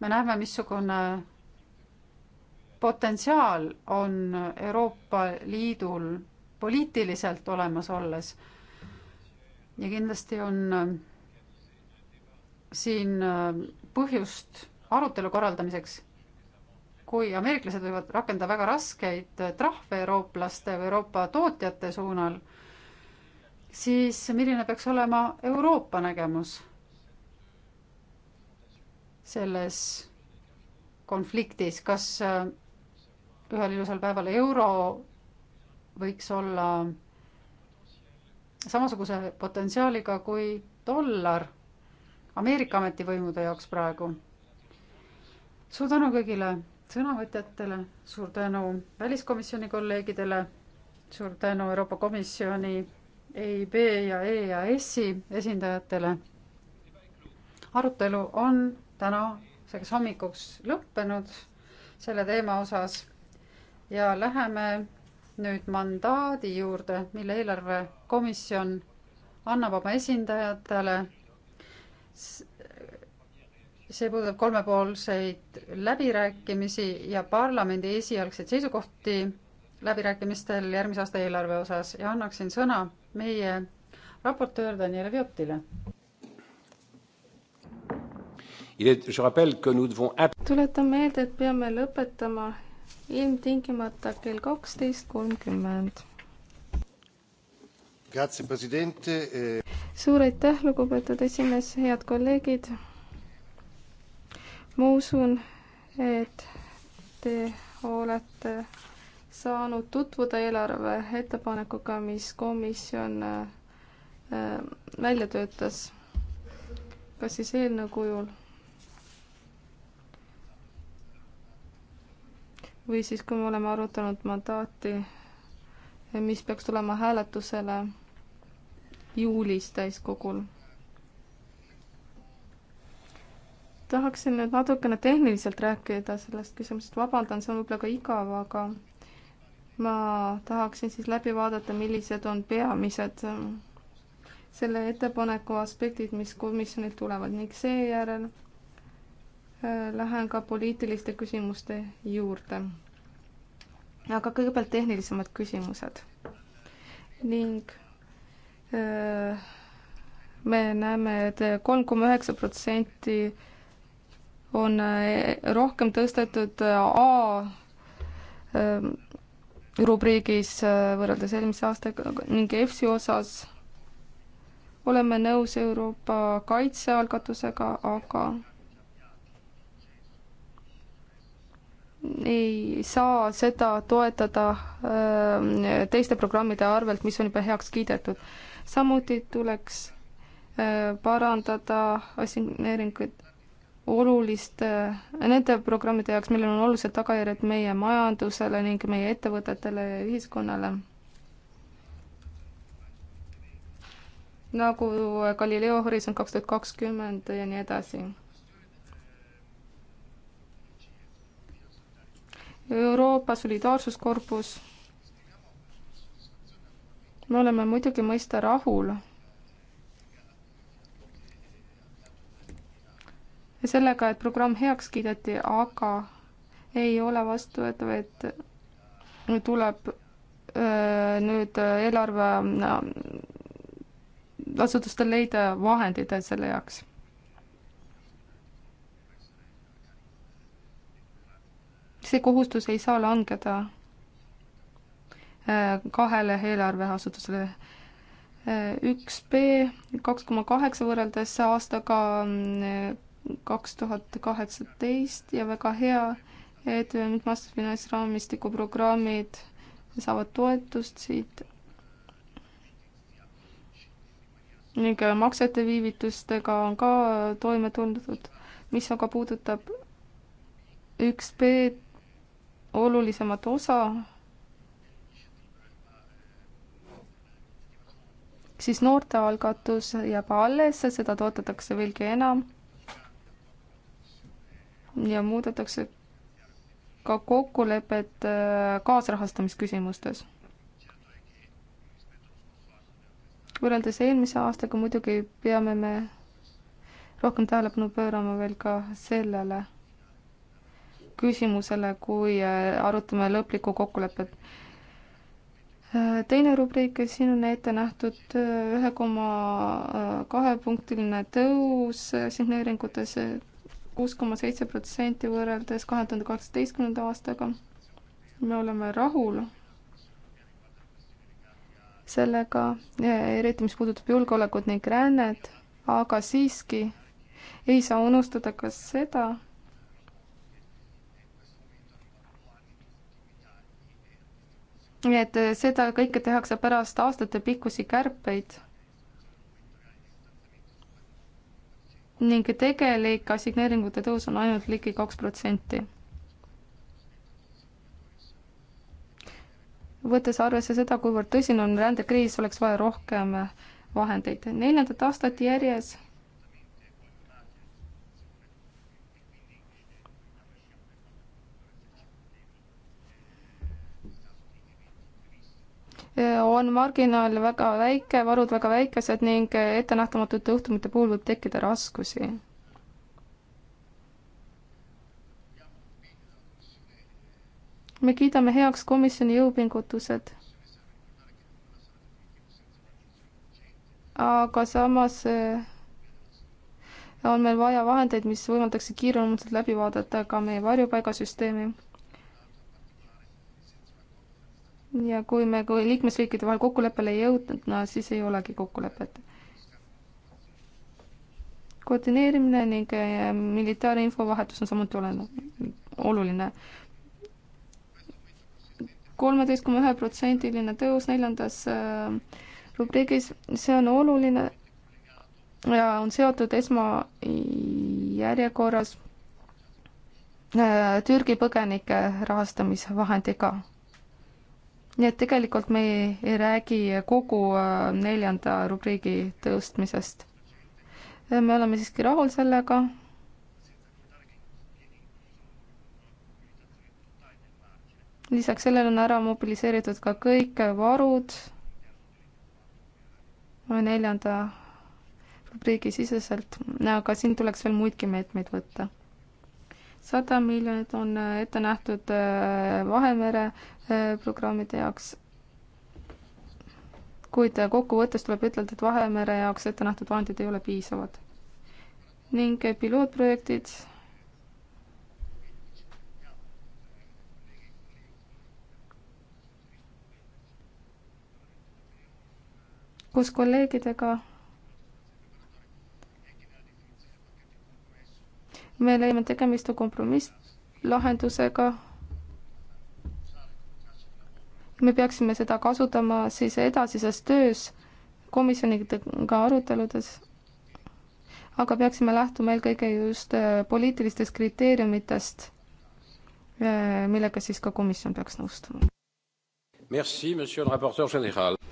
me näeme, missugune potentsiaal on Euroopa Liidul poliitiliselt olemas olles. ja kindlasti on äh, siin äh, põhjust arutelu korraldamiseks kui ameeriklased võivad rakendada väga raskeid trahve eurooplaste või Euroopa tootjate suunal, siis milline peaks olema Euroopa nägemus selles konfliktis, kas äh, ühel ilusal päeval euro võiks olla samasuguse potentsiaaliga kui dollar Ameerika ametivõimude jaoks praegu. suur tänu kõigile sõnavõtjatele, suur tänu väliskomisjoni kolleegidele, suur tänu Euroopa Komisjoni, EIB ja EAS-i esindajatele. arutelu on tänaseks hommikuks lõppenud selle teema osas ja läheme nüüd mandaadi juurde, mille eelarvekomisjon annab oma esindajatele see puudutab kolmepoolseid läbirääkimisi ja parlamendi esialgseid seisukohti läbirääkimistel järgmise aasta eelarve osas ja annaksin sõna meie raportöör Daniele Viotile. tuletan meelde, et peame lõpetama ilmtingimata kell kaksteist kolmkümmend. suur aitäh, lugupeetud esimees, head kolleegid ma usun, et te olete saanud tutvuda eelarve ettepanekuga, mis komisjon äh, välja töötas, kas siis eelnõu kujul või siis, kui me oleme arutanud mandaati, mis peaks tulema hääletusele juulis täiskogul tahaksin nüüd natukene tehniliselt rääkida sellest küsimusest, vabandan, see on võib-olla ka igav, aga ma tahaksin siis läbi vaadata, millised on peamised äh, selle ettepaneku aspektid, mis komisjonilt tulevad ning seejärel äh, lähen ka poliitiliste küsimuste juurde. aga kõigepealt tehnilisemad küsimused. ning öö, äh, me näeme et, et kolm koma üheksa protsenti on eh, rohkem tõstetud eh, A eh, rubriigis võrreldes eelmise aastaga ning EFSi osas oleme nõus Euroopa kaitsealgatusega, aga ei saa seda toetada teiste programmide arvelt, mis on juba heaks kiidetud. samuti tuleks parandada assigneeringuid oluliste, äh, nende programmide jaoks, millel on olulised tagajärjed meie majandusele ning meie ettevõtetele ja ühiskonnale. nagu äh, Galileo Horisont kaks tuhat kakskümmend ja nii edasi. Euroopa Solidaarsuskorpus. me oleme muidugi mõista rahul sellega, et programm heaks kiideti, aga ei ole vastuvõetav, et tuleb öö, nüüd eelarve no, asutustel leida vahendid selle jaoks see kohustus ei saa langeda kahele eelarveasutusele. üks B kaks koma kaheksa võrreldes aastaga kaks tuhat kaheksateist ja väga hea, et mitmeaastased finantsraamistiku programmid saavad toetust siit ning äh, maksete viivitustega on ka toime tuldud, mis aga puudutab üks B olulisemat osa, siis noortealgatus jääb alles ja seda toetatakse veelgi enam ja muudetakse ka kokkulepet äh, kaasrahastamisküsimustes. võrreldes eelmise aastaga muidugi peame me rohkem tähelepanu pöörama veel ka sellele küsimusele, kui äh, arutame lõplikku kokkulepet. Äh, teine rubriik, siin on ette nähtud ühe koma kahe punktiline tõus signeeringutes kuus koma seitse protsenti võrreldes kahe tuhande kaheksateistkümnenda aastaga. me oleme rahul sellega, e, eriti mis puudutab julgeolekut ning rännet, aga siiski ei saa unustada ka seda, nii et seda kõike tehakse pärast aastatepikkusi kärpeid ning tegelik assigneeringute tõus on ainult ligi kaks protsenti. võttes arvesse seda, kuivõrd tõsine on rändekriis, oleks vaja rohkem vahendeid. neljandat aastat järjes on marginaal väga väike, varud väga väikesed ning ettenähtamatute juhtumite puhul võib tekkida raskusi. me kiidame heaks komisjoni jõupingutused. aga samas eh, on meil vaja vahendeid, mis võimaldaksid kiiremalt läbi vaadata ka meie varjupaigasüsteemi ja kui me kui liikmesriikide vahel kokkuleppele ei jõudnud, no siis ei olegi kokkulepet. koordineerimine ning äh, militaarinfo vahetus on samuti olenev, oluline. kolmeteist koma ühe protsendiline tõus neljandas äh, rubriigis, see on oluline ja on seotud esmajärjekorras äh, Türgi põgenike rahastamisvahendiga nii et tegelikult me ei, ei räägi kogu äh, neljanda rubriigi tõstmisest. Äh, me oleme siiski rahul sellega. lisaks sellele on ära mobiliseeritud ka kõik varud neljanda rubriigi siseselt, aga siin tuleks veel muidki meetmeid võtta sada miljonit on äh, ette nähtud äh, Vahemere äh, programmide jaoks. kuid kokkuvõttes tuleb ütelda, et Vahemere jaoks ette nähtud vahendid ei ole piisavad. ning pilootprojektid. koos kolleegidega me leiame tegemist kompromisslahendusega. me peaksime seda kasutama siis edasises töös komisjonidega aruteludes, aga peaksime lähtuma eelkõige just äh, poliitilistest kriteeriumitest, äh, millega siis ka komisjon peaks nõustuma.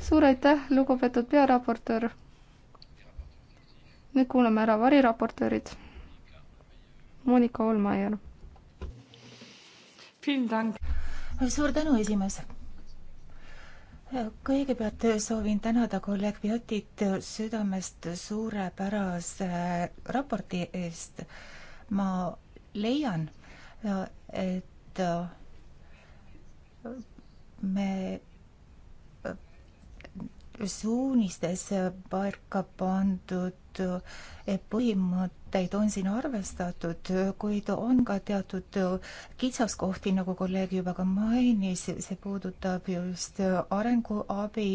suur aitäh, lugupeetud pearaportöör. nüüd kuulame ära variraportöörid Monika Olmajärv. suur tänu, esimees kõigepealt soovin tänada kolleeg Viotit südamest suurepärase raporti eest. ma leian, et me suunistes paika pandud põhimõtteid on siin arvestatud, kuid on ka teatud kitsaskohti, nagu kolleeg juba ka mainis, see puudutab just arenguabi,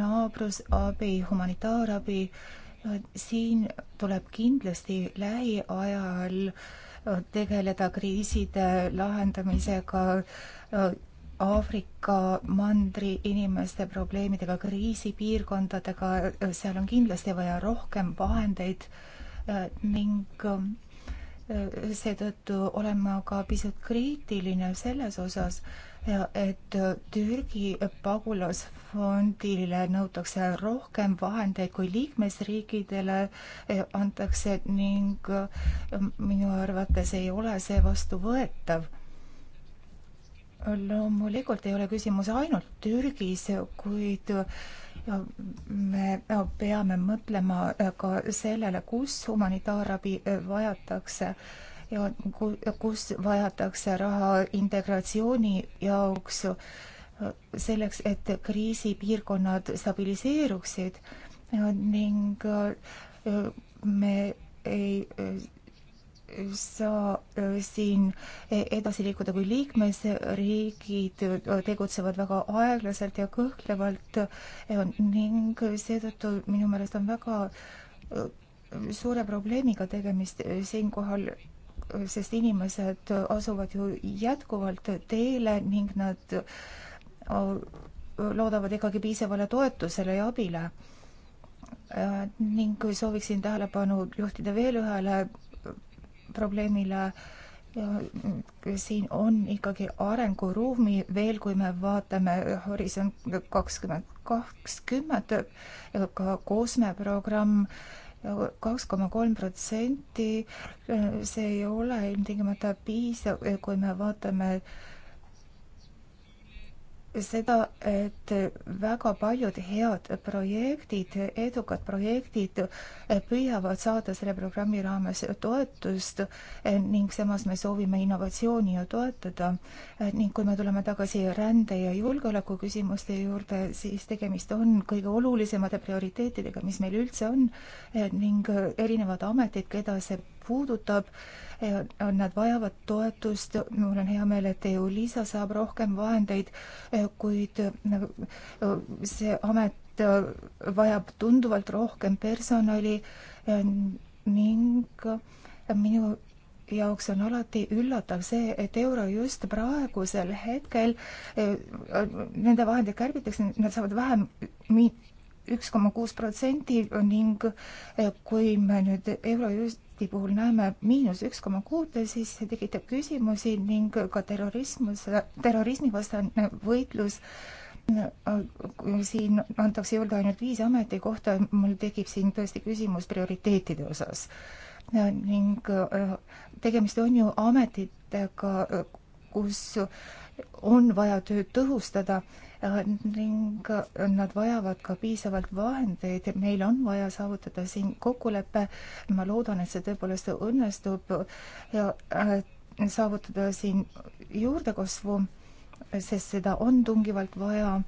naabrusabi, humanitaarabi. siin tuleb kindlasti lähiajal tegeleda kriiside lahendamisega Aafrika mandri inimeste probleemidega, kriisipiirkondadega, seal on kindlasti vaja rohkem vahendeid äh, ning äh, seetõttu olen ma ka pisut kriitiline selles osas, äh, et Türgi pagulasfondile nõutakse rohkem vahendeid, kui liikmesriikidele antakse ning minu arvates ei ole see vastuvõetav loomulikult ei ole küsimus ainult Türgis, kuid me peame mõtlema äh, ka sellele, kus humanitaarabi äh, vajatakse ja kus vajatakse raha integratsiooni jaoks, äh, selleks, et kriisipiirkonnad stabiliseeruksid ning me ei saa äh, siin edasi liikuda, kui liikmesriigid äh, tegutsevad väga aeglaselt ja kõhklevalt äh, ning seetõttu minu meelest on väga suure probleemiga tegemist siinkohal, sest inimesed asuvad ju jätkuvalt teele ning nad loodavad ikkagi piisavale toetusele ja abile. ning sooviksin tähelepanu juhtida veel ühele probleemile mm, siin on ikkagi arenguruumi veel, kui me vaatame äh, Horisont kakskümmend kakskümmend, ka Koosme programm, kaks koma kolm protsenti, äh, see ei ole ilmtingimata piisav, kui me vaatame äh, seda, et väga paljud head projektid, edukad projektid püüavad saada selle programmi raames toetust eh, ning samas me soovime innovatsiooni ju toetada. Eh, ning kui me tuleme tagasi rände ja julgeoleku küsimuste juurde, siis tegemist on kõige olulisemate prioriteetidega, mis meil üldse on eh, ning erinevad ametid, keda see puudutab, eh, nad vajavad toetust, mul on hea meel, et EU-LISA saab rohkem vahendeid, eh, kuid nagu, eh, see amet vajab tunduvalt rohkem personali ning minu jaoks on alati üllatav see, et euro just praegusel hetkel, nende vahendeid kärbitakse, nad saavad vähem üks koma kuus protsenti ning eh, kui me nüüd Eurojusti puhul näeme miinus üks koma kuute, siis see tekitab küsimusi ning ka terrorism, terrorismivastane võitlus eh, siin antakse juurde ainult viis ametikohta, mul tekib siin tõesti küsimus prioriteetide osas. ning eh, tegemist on ju ametitega, kus on vaja tööd tõhustada ning nad vajavad ka piisavalt vahendeid. meil on vaja saavutada siin kokkulepe. ma loodan, et see tõepoolest õnnestub ja äh, saavutada siin juurdekasvu sest seda on tungivalt vaja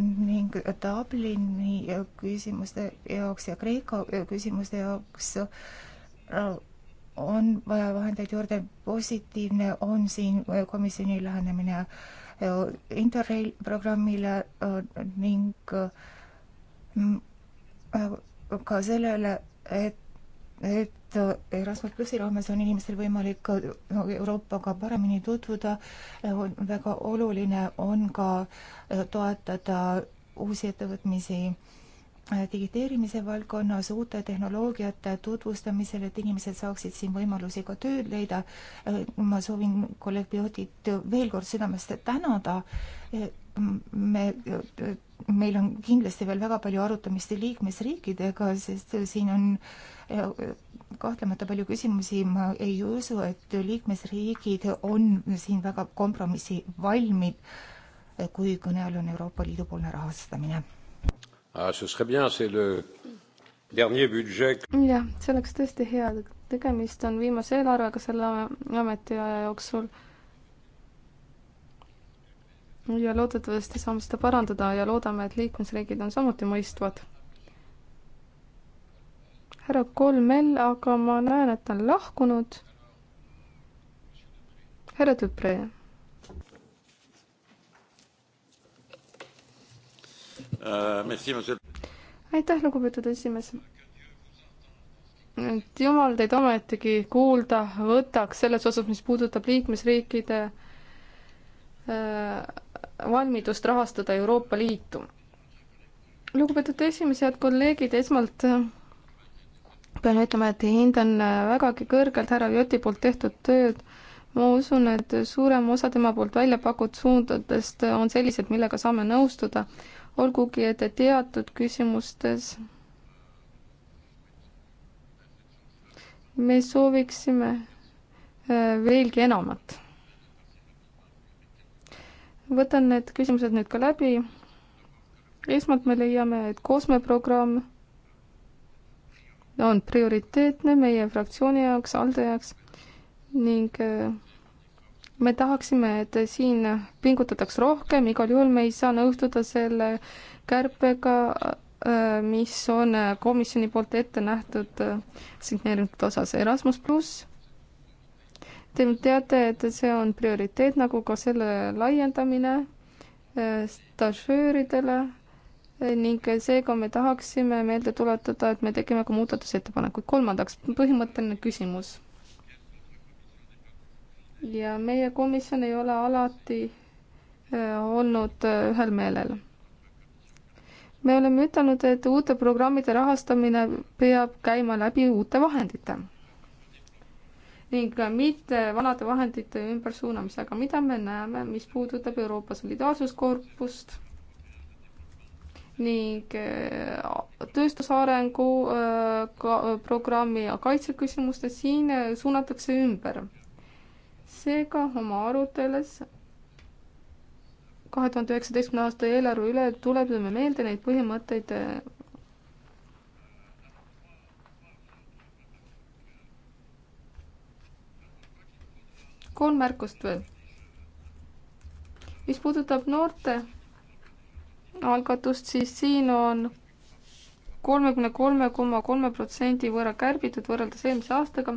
ning Dublini küsimuste jaoks ja Kreeka küsimuste jaoks äh, on vaja vahendeid juurde. positiivne on siin komisjoni lähenemine Äh, Interrail programmile äh, ning äh, ka sellele, et, et Erasmus plussi raames on inimestel võimalik Euroopaga paremini tutvuda, väga oluline on ka toetada uusi ettevõtmisi digiteerimise valdkonnas uute tehnoloogiate tutvustamisel, et inimesed saaksid siin võimalusi ka tööd leida. ma soovin kolleeg Piotit veel kord südamest tänada. me, meil on kindlasti veel väga palju arutamist liikmesriikidega, sest siin on kahtlemata palju küsimusi, ma ei usu, et liikmesriigid on siin väga kompromissi valmid, kui kõne all on Euroopa Liidu poolne rahastamine Ah, jah, see oleks tõesti hea, tegemist on viimase eelarvega selle ametiaja jooksul. ja loodetavasti saame seda parandada ja loodame, et liikmesriigid on samuti mõistvad. härra Kolmel, aga ma näen, et ta on lahkunud. härra Tüpre Euh, aitäh, lugupeetud esimees. et jumal teid ometigi kuulda võtaks selles osas, mis puudutab liikmesriikide äh, valmidust rahastada Euroopa Liitu. lugupeetud esimees, head kolleegid, esmalt äh, pean ütlema, et hindan äh, vägagi kõrgelt härra Joti poolt tehtud tööd. ma usun, et suurem osa tema poolt välja pakutud suundadest on sellised, millega saame nõustuda olgugi et teatud küsimustes me sooviksime äh, veelgi enamat. võtan need küsimused nüüd ka läbi. esmalt me leiame, et kosmeprogramm on prioriteetne meie fraktsiooni jaoks, ALDE jaoks ning äh, me tahaksime, et siin pingutataks rohkem, igal juhul me ei saa nõustuda selle kärpega, äh, mis on komisjoni poolt ette nähtud äh, signeeritud osas Erasmus pluss. Te teate, et see on prioriteet, nagu ka selle laiendamine äh, stažööridele ning seega me tahaksime meelde tuletada, et me tegime ka muudatusettepanekuid. kolmandaks, põhimõtteline küsimus ja meie komisjon ei ole alati äh, olnud äh, ühel meelel. me oleme ütelnud, et uute programmide rahastamine peab käima läbi uute vahendite ning mitte vanade vahendite ümbersuunamisega, mida me näeme, mis puudutab Euroopa Solidaarsuskorpust ning äh, tööstusarengu programmi ja kaitseküsimuste, siin suunatakse ümber seega oma aruteles kahe tuhande üheksateistkümne aasta eelarve üle tuletame meelde neid põhimõtteid, eh, kolm märkust veel. mis puudutab noorte algatust, siis siin on kolmekümne kolme koma kolme protsendi võrra kärbitud võrreldes eelmise aastaga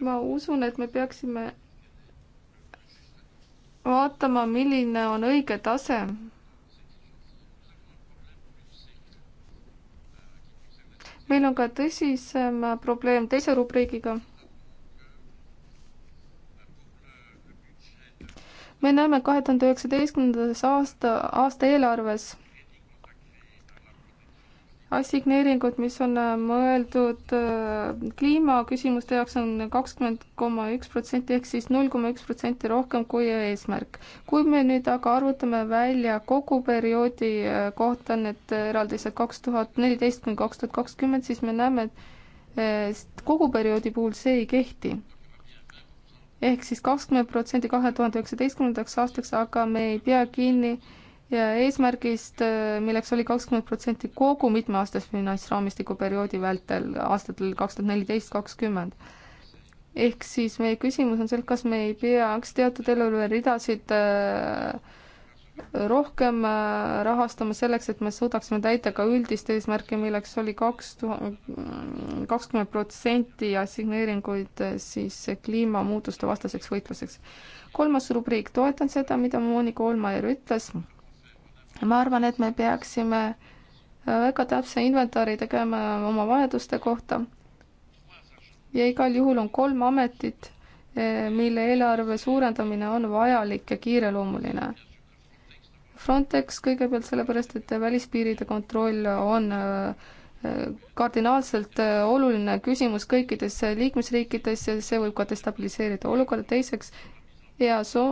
ma usun, et me peaksime vaatama, milline on õige tase. meil on ka tõsisem probleem teise rubriigiga. me näeme kahe tuhande üheksateistkümnendas aasta, aasta eelarves assigneeringud, mis on äh, mõeldud äh, kliimaküsimuste jaoks on, on kakskümmend koma üks protsenti ehk siis null koma üks protsenti rohkem kui eesmärk. kui me nüüd aga arvutame välja kogu perioodi äh, kohta need eraldised kaks tuhat neliteist kuni kaks tuhat kakskümmend, siis me näeme, et kogu perioodi puhul see ei kehti ehk siis kakskümmend protsenti kahe tuhande üheksateistkümnendaks aastaks, aga me ei pea kinni äh, ja eesmärgist, äh, milleks oli kakskümmend protsenti kogu mitmeaastase finantsraamistiku perioodi vältel aastatel kaks tuhat neliteist, kakskümmend. ehk siis meie küsimus on see, et kas me ei peaks teatud eluridasid äh, rohkem äh, rahastama selleks, et me suudaksime täita ka üldist eesmärki, milleks oli kaks tuhat, mm, kakskümmend protsenti assigneeringuid siis kliimamuutuste vastaseks võitluseks. kolmas rubriik, toetan seda, mida Monika Olmajärv ütles ma arvan, et me peaksime äh, väga täpse inventaari tegema oma vajaduste kohta. ja igal juhul on kolm ametit, äh, mille eelarve suurendamine on vajalik ja kiireloomuline. Frontex kõigepealt sellepärast, et välispiiride kontroll on äh, kardinaalselt oluline küsimus kõikides liikmesriikides ja see võib ka destabiliseerida olukorda. teiseks, EASO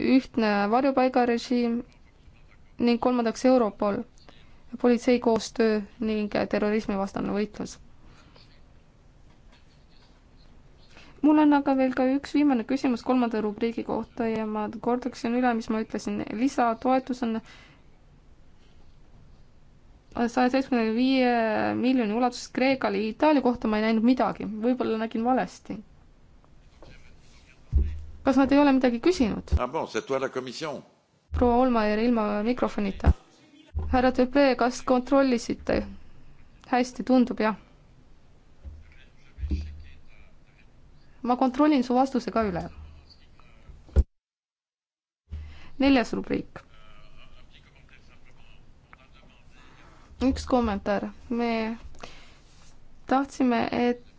ühtne varjupaigarežiim ning kolmandaks Europol, politsei koostöö ning terrorismivastane võitlus. mul on aga veel ka üks viimane küsimus kolmanda rubriigi kohta ja ma kordaksin üle, mis ma ütlesin, lisatoetus on saja seitsmekümne viie miljoni ulatuses Kreekale ja Itaalia kohta ma ei näinud midagi, võib-olla nägin valesti kas nad ei ole midagi küsinud ah? Bon, proua Olmaier ilma mikrofonita. härra Debre, kas kontrollisite? hästi, tundub jah. ma kontrollin su vastuse ka üle. neljas rubriik. üks kommentaar, me tahtsime, et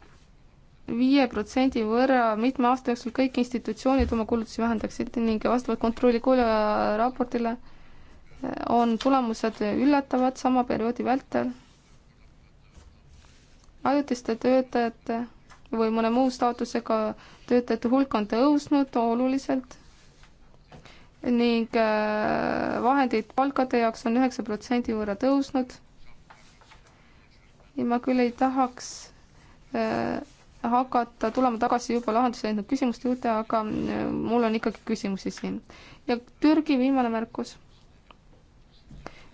viie protsendi võrra mitme aasta jooksul kõik institutsioonid oma kulutusi vähendaksid ning vastavalt kontrollikooli raportile eh, on tulemused üllatavad sama perioodi vältel. ajutiste töötajate või mõne muu staatusega töötajate hulk on tõusnud oluliselt ning eh, vahendid palkade jaoks on üheksa protsendi võrra tõusnud. ja ma küll ei tahaks eh, hakata tulema tagasi juba lahenduse leidnud küsimuste juurde, aga äh, mul on ikkagi küsimusi siin. ja Türgi viimane märkus.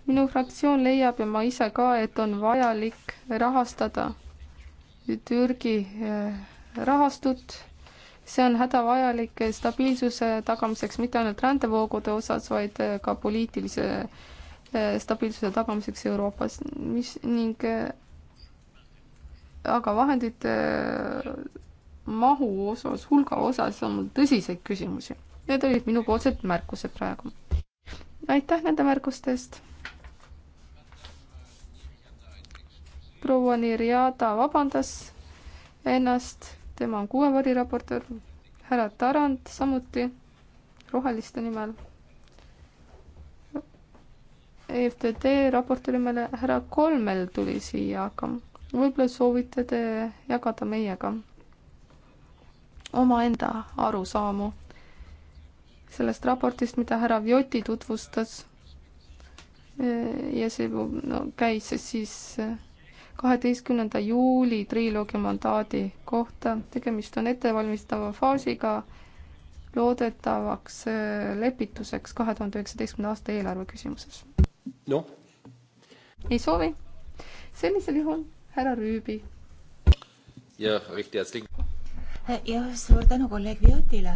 minu fraktsioon leiab ja ma ise ka, et on vajalik rahastada Türgi äh, rahastut. see on hädavajalik stabiilsuse tagamiseks mitte ainult rändevoogude osas, vaid äh, ka poliitilise stabiilsuse tagamiseks Euroopas, mis ning aga vahendite äh, mahu osas, hulga osas on mul tõsiseid küsimusi. Need olid minupoolsed märkused praegu. aitäh nende märkuste eest. proua Nirjada vabandas ennast, tema on kuue variraportöör, härra Tarand samuti roheliste nimel. EFTD raportööri nimel härra Kolmel tuli siia, aga võib-olla soovite te jagada meiega omaenda arusaamu sellest raportist, mida härra Vjoti tutvustas. ja see no, käis siis kaheteistkümnenda juuli triloogia mandaadi kohta. tegemist on ettevalmistava faasiga loodetavaks lepituseks kahe tuhande üheksateistkümnenda aasta eelarve küsimuses. noh? ei soovi? sellisel juhul härra Rüübi. jah, jah, suur tänu kolleeg Viotile.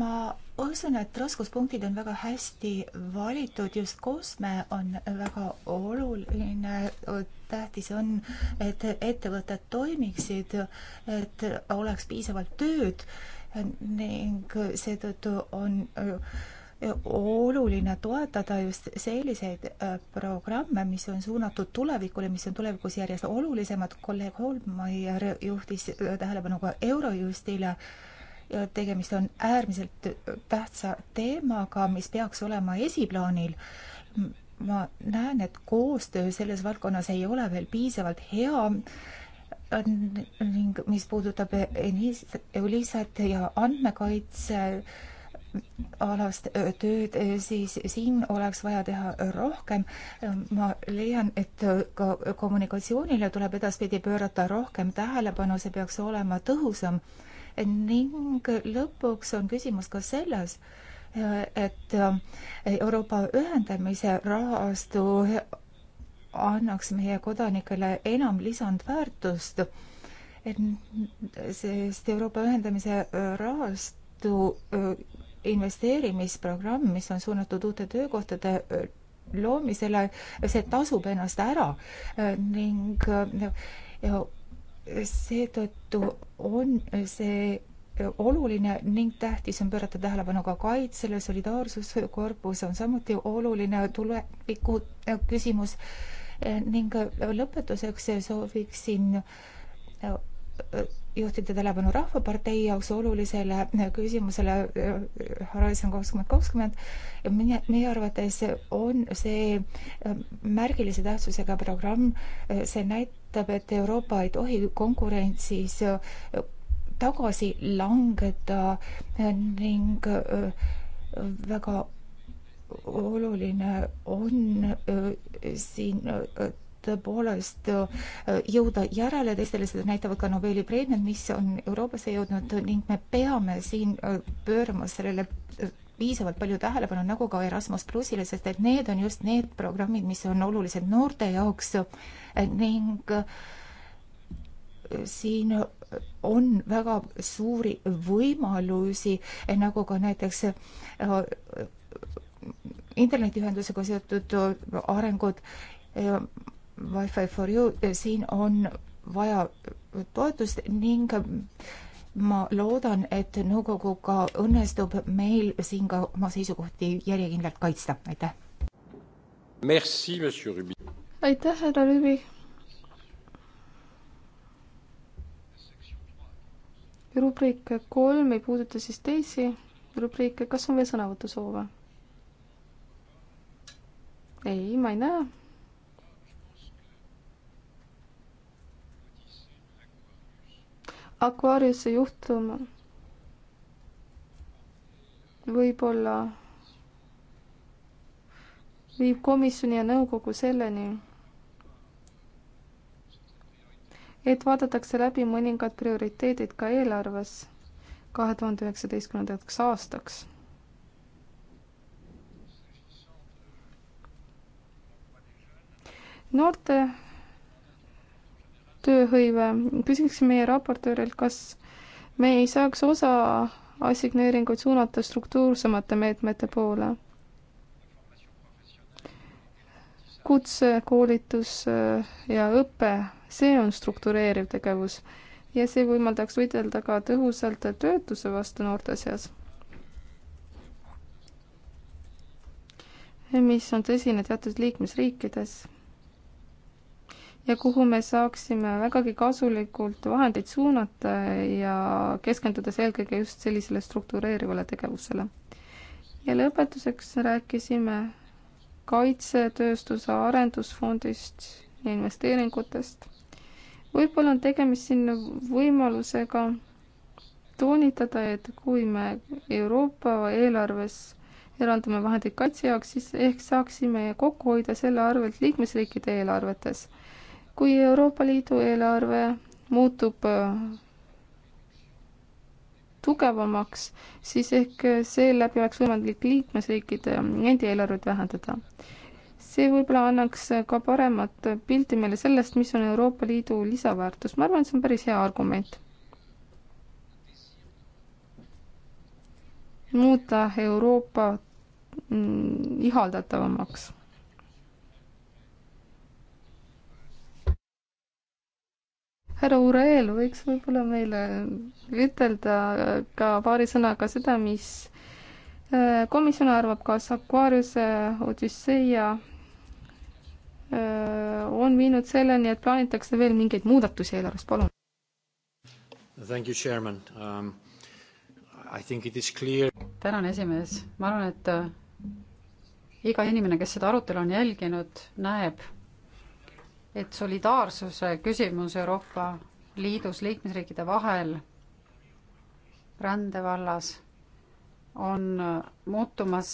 ma usun, et raskuspunktid on väga hästi valitud, just kosme on väga oluline, tähtis on, et ettevõtted toimiksid, et oleks piisavalt tööd ning seetõttu on oluline toetada just selliseid äh, programme, mis on suunatud tulevikule, mis on tulevikus järjest olulisemad. kolleeg Holmaier juhtis äh, tähelepanu ka Eurojustile ja tegemist on äärmiselt tähtsa teemaga, mis peaks olema esiplaanil. ma näen, et koostöö selles valdkonnas ei ole veel piisavalt hea ning mis puudutab Elisat ja andmekaitse alast tööd, siis siin oleks vaja teha rohkem. ma leian, et ka kommunikatsioonile tuleb edaspidi pöörata rohkem tähelepanu, see peaks olema tõhusam. ning lõpuks on küsimus ka selles, et Euroopa ühendamise rahastu annaks meie kodanikele enam lisandväärtust, sest Euroopa ühendamise rahastu investeerimisprogramm, mis on suunatud uute töökohtade loomisele, see tasub ennast ära ning seetõttu on see oluline ning tähtis on pöörata tähelepanu ka kaitsele, solidaarsuskorpus on samuti oluline tuleviku küsimus ning lõpetuseks sooviksin juhtida tähelepanu Rahvapartei jaoks olulisele äh, küsimusele äh, Horizon kakskümmend kakskümmend. meie, meie arvates on see äh, märgilise tähtsusega programm, see näitab, et Euroopa ei tohi konkurentsis tagasi langeda ning väga oluline on siin tõepoolest äh, jõuda järele teistele, seda näitavad ka Nobeli preemiad, mis on Euroopasse jõudnud ning me peame siin äh, pöörama sellele äh, piisavalt palju tähelepanu, nagu ka Erasmus plussile, sest et need on just need programmid, mis on olulised noorte jaoks ning siin on väga suuri võimalusi, nagu ka näiteks internetiühendusega seotud arengud Wi-Fi for you, eh, siin on vaja toetust ning ma loodan, et nõukoguga õnnestub meil siin ka oma seisukohti järjekindlalt kaitsta, aitäh. aitäh, härra Rüübi. rubriik kolm ei puuduta siis teisi rubriike, kas on veel sõnavõtusoove? ei, ma ei näe Aquariuse juhtum võib-olla viib komisjoni ja nõukogu selleni, et vaadatakse läbi mõningad prioriteedid ka eelarves kahe tuhande üheksateistkümnendaks aastaks. noorte tööhõive. küsiks meie raportöörilt, kas me ei saaks osa assigneeringuid suunata struktuursemate meetmete poole? kutse, koolitus äh, ja õpe, see on struktureeriv tegevus ja see võimaldaks võidelda ka tõhusalt töötuse vastu noorte seas. mis on tõsine teatud liikmesriikides ja kuhu me saaksime vägagi kasulikult vahendeid suunata ja keskendudes eelkõige just sellisele struktureerivale tegevusele. ja lõpetuseks rääkisime kaitsetööstuse arendusfondist ja investeeringutest. võib-olla on tegemist siin võimalusega toonitada, et kui me Euroopa eelarves eraldame vahendeid kaitse jaoks, siis ehk saaksime kokku hoida selle arvelt liikmesriikide eelarvetes kui Euroopa Liidu eelarve muutub äh, tugevamaks, siis ehk äh, seeläbi oleks võimalik liikmesriikide äh, endi eelarvet vähendada. see võib-olla annaks ka paremat pilti meile sellest, mis on Euroopa Liidu lisaväärtus, ma arvan, et see on päris hea argument. muuta Euroopa mm, ihaldatavamaks härra Ureel võiks võib-olla meile ütelda ka paari sõnaga seda, mis äh, komisjon arvab, kas Aquariuse äh, Odüsseia äh, on viinud selleni, et plaanitakse veel mingeid muudatusi eelarves, palun. Thank you, chairman um,. I think it is clear. tänan, esimees, ma arvan, et iga inimene, kes seda arutelu on jälginud, näeb, et solidaarsuse küsimus Euroopa Liidus liikmesriikide vahel rändevallas on muutumas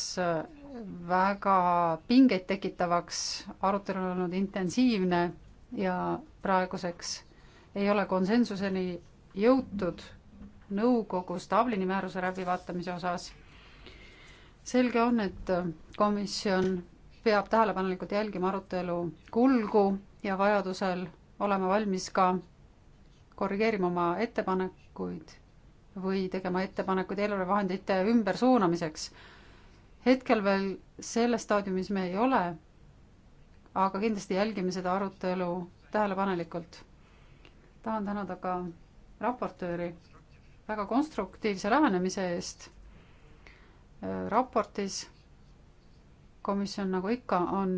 väga pingeid tekitavaks, arutelu on olnud intensiivne ja praeguseks ei ole konsensuseni jõutud nõukogus Dublini määruse läbivaatamise osas. selge on, et komisjon peab tähelepanelikult jälgima arutelu kulgu ja vajadusel olema valmis ka korrigeerima oma ettepanekuid või tegema ettepanekuid eelarvevahendite ümbersuunamiseks. hetkel veel selles staadiumis me ei ole, aga kindlasti jälgime seda arutelu tähelepanelikult. tahan tänada ka raportööri väga konstruktiivse lähenemise eest raportis. komisjon, nagu ikka, on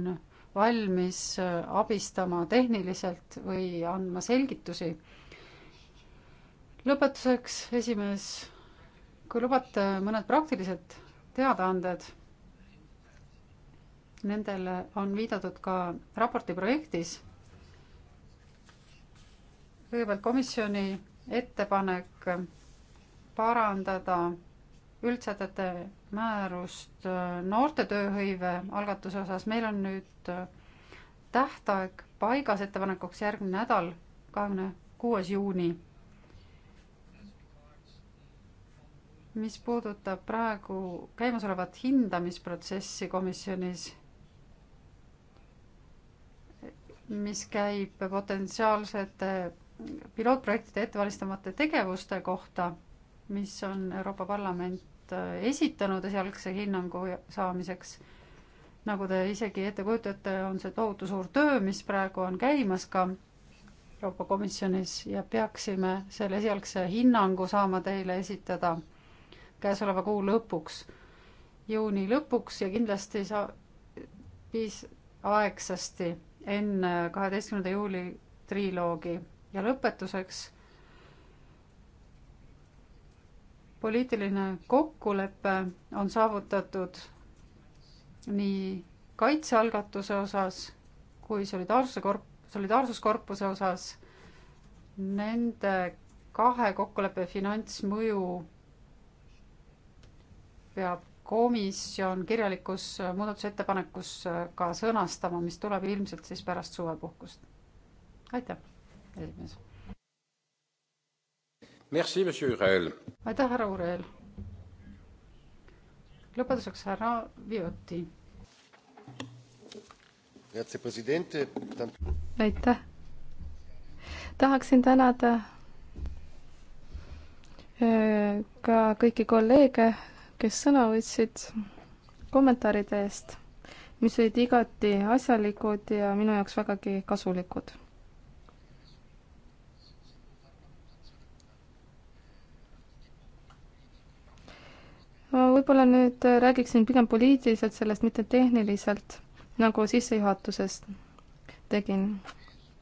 valmis äh, abistama tehniliselt või andma selgitusi. lõpetuseks, esimees, kui lubate mõned praktilised teadaanded. Nendele on viidatud ka raporti projektis. kõigepealt komisjoni ettepanek parandada üldsätete määrust äh, noorte tööhõive algatuse osas, meil on nüüd äh, tähtaeg paigas ettepanekuks järgmine nädal, kahekümne kuues juuni. mis puudutab praegu käimasolevat hindamisprotsessi komisjonis, mis käib potentsiaalsete pilootprojektide ettevalmistamata tegevuste kohta, mis on Euroopa Parlament Äh, esitanud esialgse hinnangu saamiseks. nagu te isegi ette kujutate, on see tohutu suur töö, mis praegu on käimas ka Euroopa Komisjonis ja peaksime selle esialgse hinnangu saama teile esitada käesoleva kuu lõpuks, juuni lõpuks ja kindlasti sa-, piis aegsasti enne kaheteistkümnenda juuli triloogi ja lõpetuseks poliitiline kokkulepe on saavutatud nii kaitsealgatuse osas kui solidaarsuse korp-, solidaarsuskorpuse osas. Nende kahe kokkuleppe finantsmõju peab komisjon kirjalikus muudatusettepanekus ka sõnastama, mis tuleb ilmselt siis pärast suvepuhkust. aitäh, esimees aitäh, härra Urel. lõpetuseks härra Vioti. aitäh. tahaksin tänada äh, ka kõiki kolleege, kes sõna võtsid kommentaaride eest, mis olid igati asjalikud ja minu jaoks vägagi kasulikud. võib-olla nüüd räägiksin pigem poliitiliselt sellest, mitte tehniliselt, nagu sissejuhatusest tegin.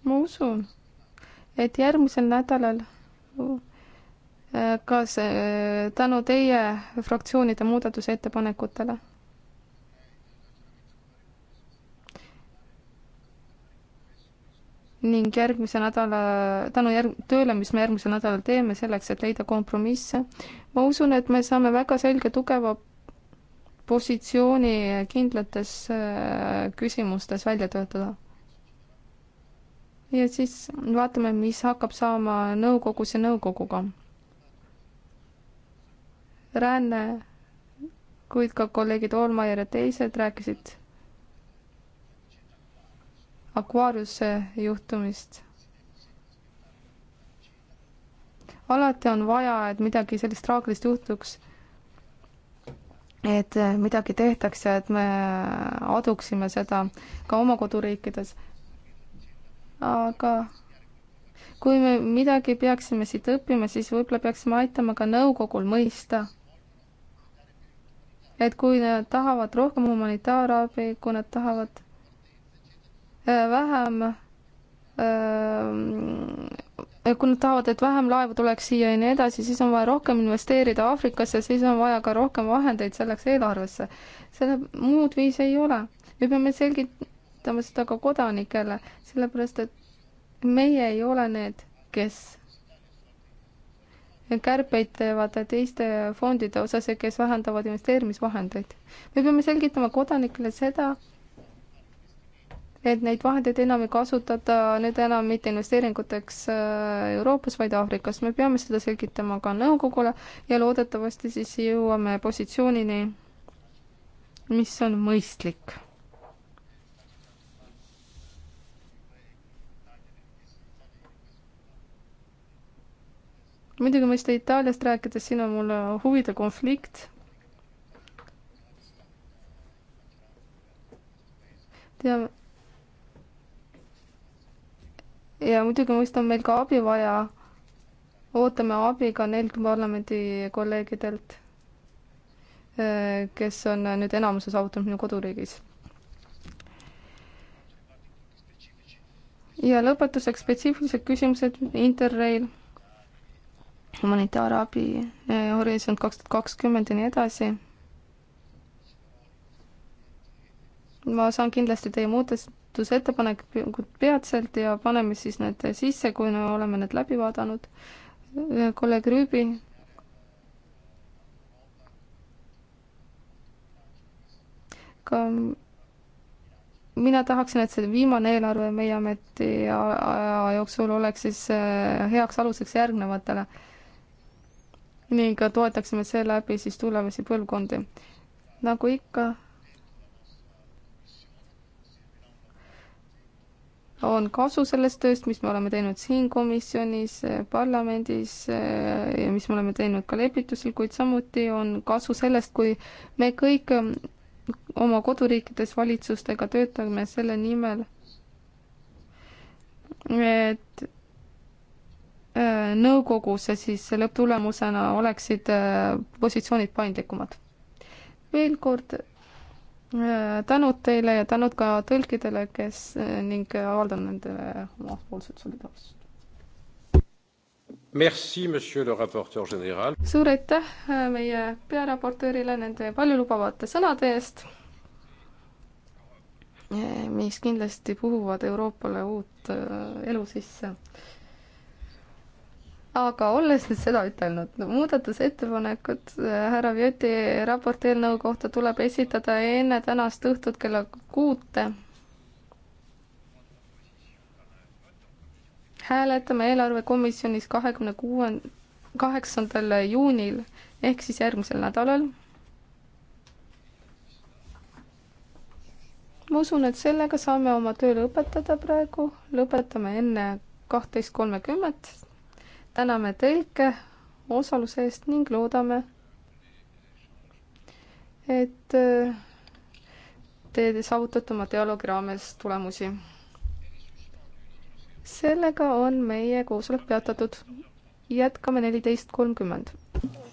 ma usun, et järgmisel nädalal kas eh, tänu teie fraktsioonide muudatusettepanekutele ning järgmise nädala, tänu järg-, tööle, mis me järgmisel nädalal teeme selleks, et leida kompromisse, ma usun, et me saame väga selge tugeva positsiooni kindlates äh, küsimustes välja töötada. ja siis vaatame, mis hakkab saama nõukogus ja nõukoguga. ränne, kuid ka kolleegid Olmaier ja teised rääkisid Aquariuse juhtumist. alati on vaja, et midagi sellist traagilist juhtuks. et eh, midagi tehtaks ja et me aduksime seda ka oma koduriikides. aga kui me midagi peaksime siit õppima, siis võib-olla peaksime aitama ka nõukogul mõista et kui nad tahavad rohkem humanitaarabi, kui nad tahavad Äh, vähem äh, kui nad tahavad, et vähem laevu tuleks siia ja nii edasi, siis on vaja rohkem investeerida Aafrikasse, siis on vaja ka rohkem vahendeid selleks eelarvesse. selle muud viisi ei ole. me peame selgitama seda ka kodanikele, sellepärast et meie ei ole need, kes kärpeid teevad teiste fondide osas ja kes vähendavad investeerimisvahendeid. me peame selgitama kodanikele seda, et neid vahendeid enam ei kasutata nüüd enam mitte investeeringuteks äh, Euroopas, vaid Aafrikas. me peame seda selgitama ka nõukogule ja loodetavasti siis jõuame positsioonini, mis on mõistlik. muidugi mõista Itaaliast rääkides, siin on mul huvide konflikt teame, ja muidugi mõista on meil ka abi vaja. ootame abi ka neilt parlamendi kolleegidelt, äh, kes on nüüd enamuse saavutanud minu koduriigis. ja lõpetuseks spetsiifilised küsimused, Interrail, humanitaarabi, äh, Horisont kaks tuhat kakskümmend ja nii edasi. ma saan kindlasti teie muudest muudatusettepanekud peatselt ja paneme siis need sisse, kui me oleme need läbi vaadanud. kolleeg Rüübi. ka mina tahaksin, et see viimane eelarve meie ameti aja jooksul oleks siis äh, heaks aluseks järgnevatele ning toetaksime seeläbi siis tulevasi põlvkondi. nagu ikka on kasu sellest tööst, mis me oleme teinud siin komisjonis, parlamendis ja mis me oleme teinud ka lepitusel, kuid samuti on kasu sellest, kui me kõik oma koduriikides valitsustega töötame selle nimel, et äh, nõukogus siis lõpptulemusena oleksid äh, positsioonid paindlikumad. veel kord Äh, tänud teile ja tänud ka tõlkidele, kes äh, ning äh, avaldan nendele omapoolset solidaarsust. Merci, monsieur le rapporteur général. suur aitäh meie pearaportöörile nende paljulubavate sõnade eest, mis kindlasti puhuvad Euroopale uut elu sisse aga olles nüüd seda ütelnud, muudatusettepanekud äh, härra Vjoti raporti eelnõu kohta tuleb esitada enne tänast õhtut kella kuute. hääletame eelarvekomisjonis kahekümne kuuend-, kaheksandal juunil ehk siis järgmisel nädalal. ma usun, et sellega saame oma töö lõpetada praegu, lõpetame enne kahtteist kolmekümmet täname tõlke osaluse eest ning loodame, et äh, te saavutate oma dialoogi raames tulemusi. sellega on meie koosolek peatatud. jätkame neliteist kolmkümmend.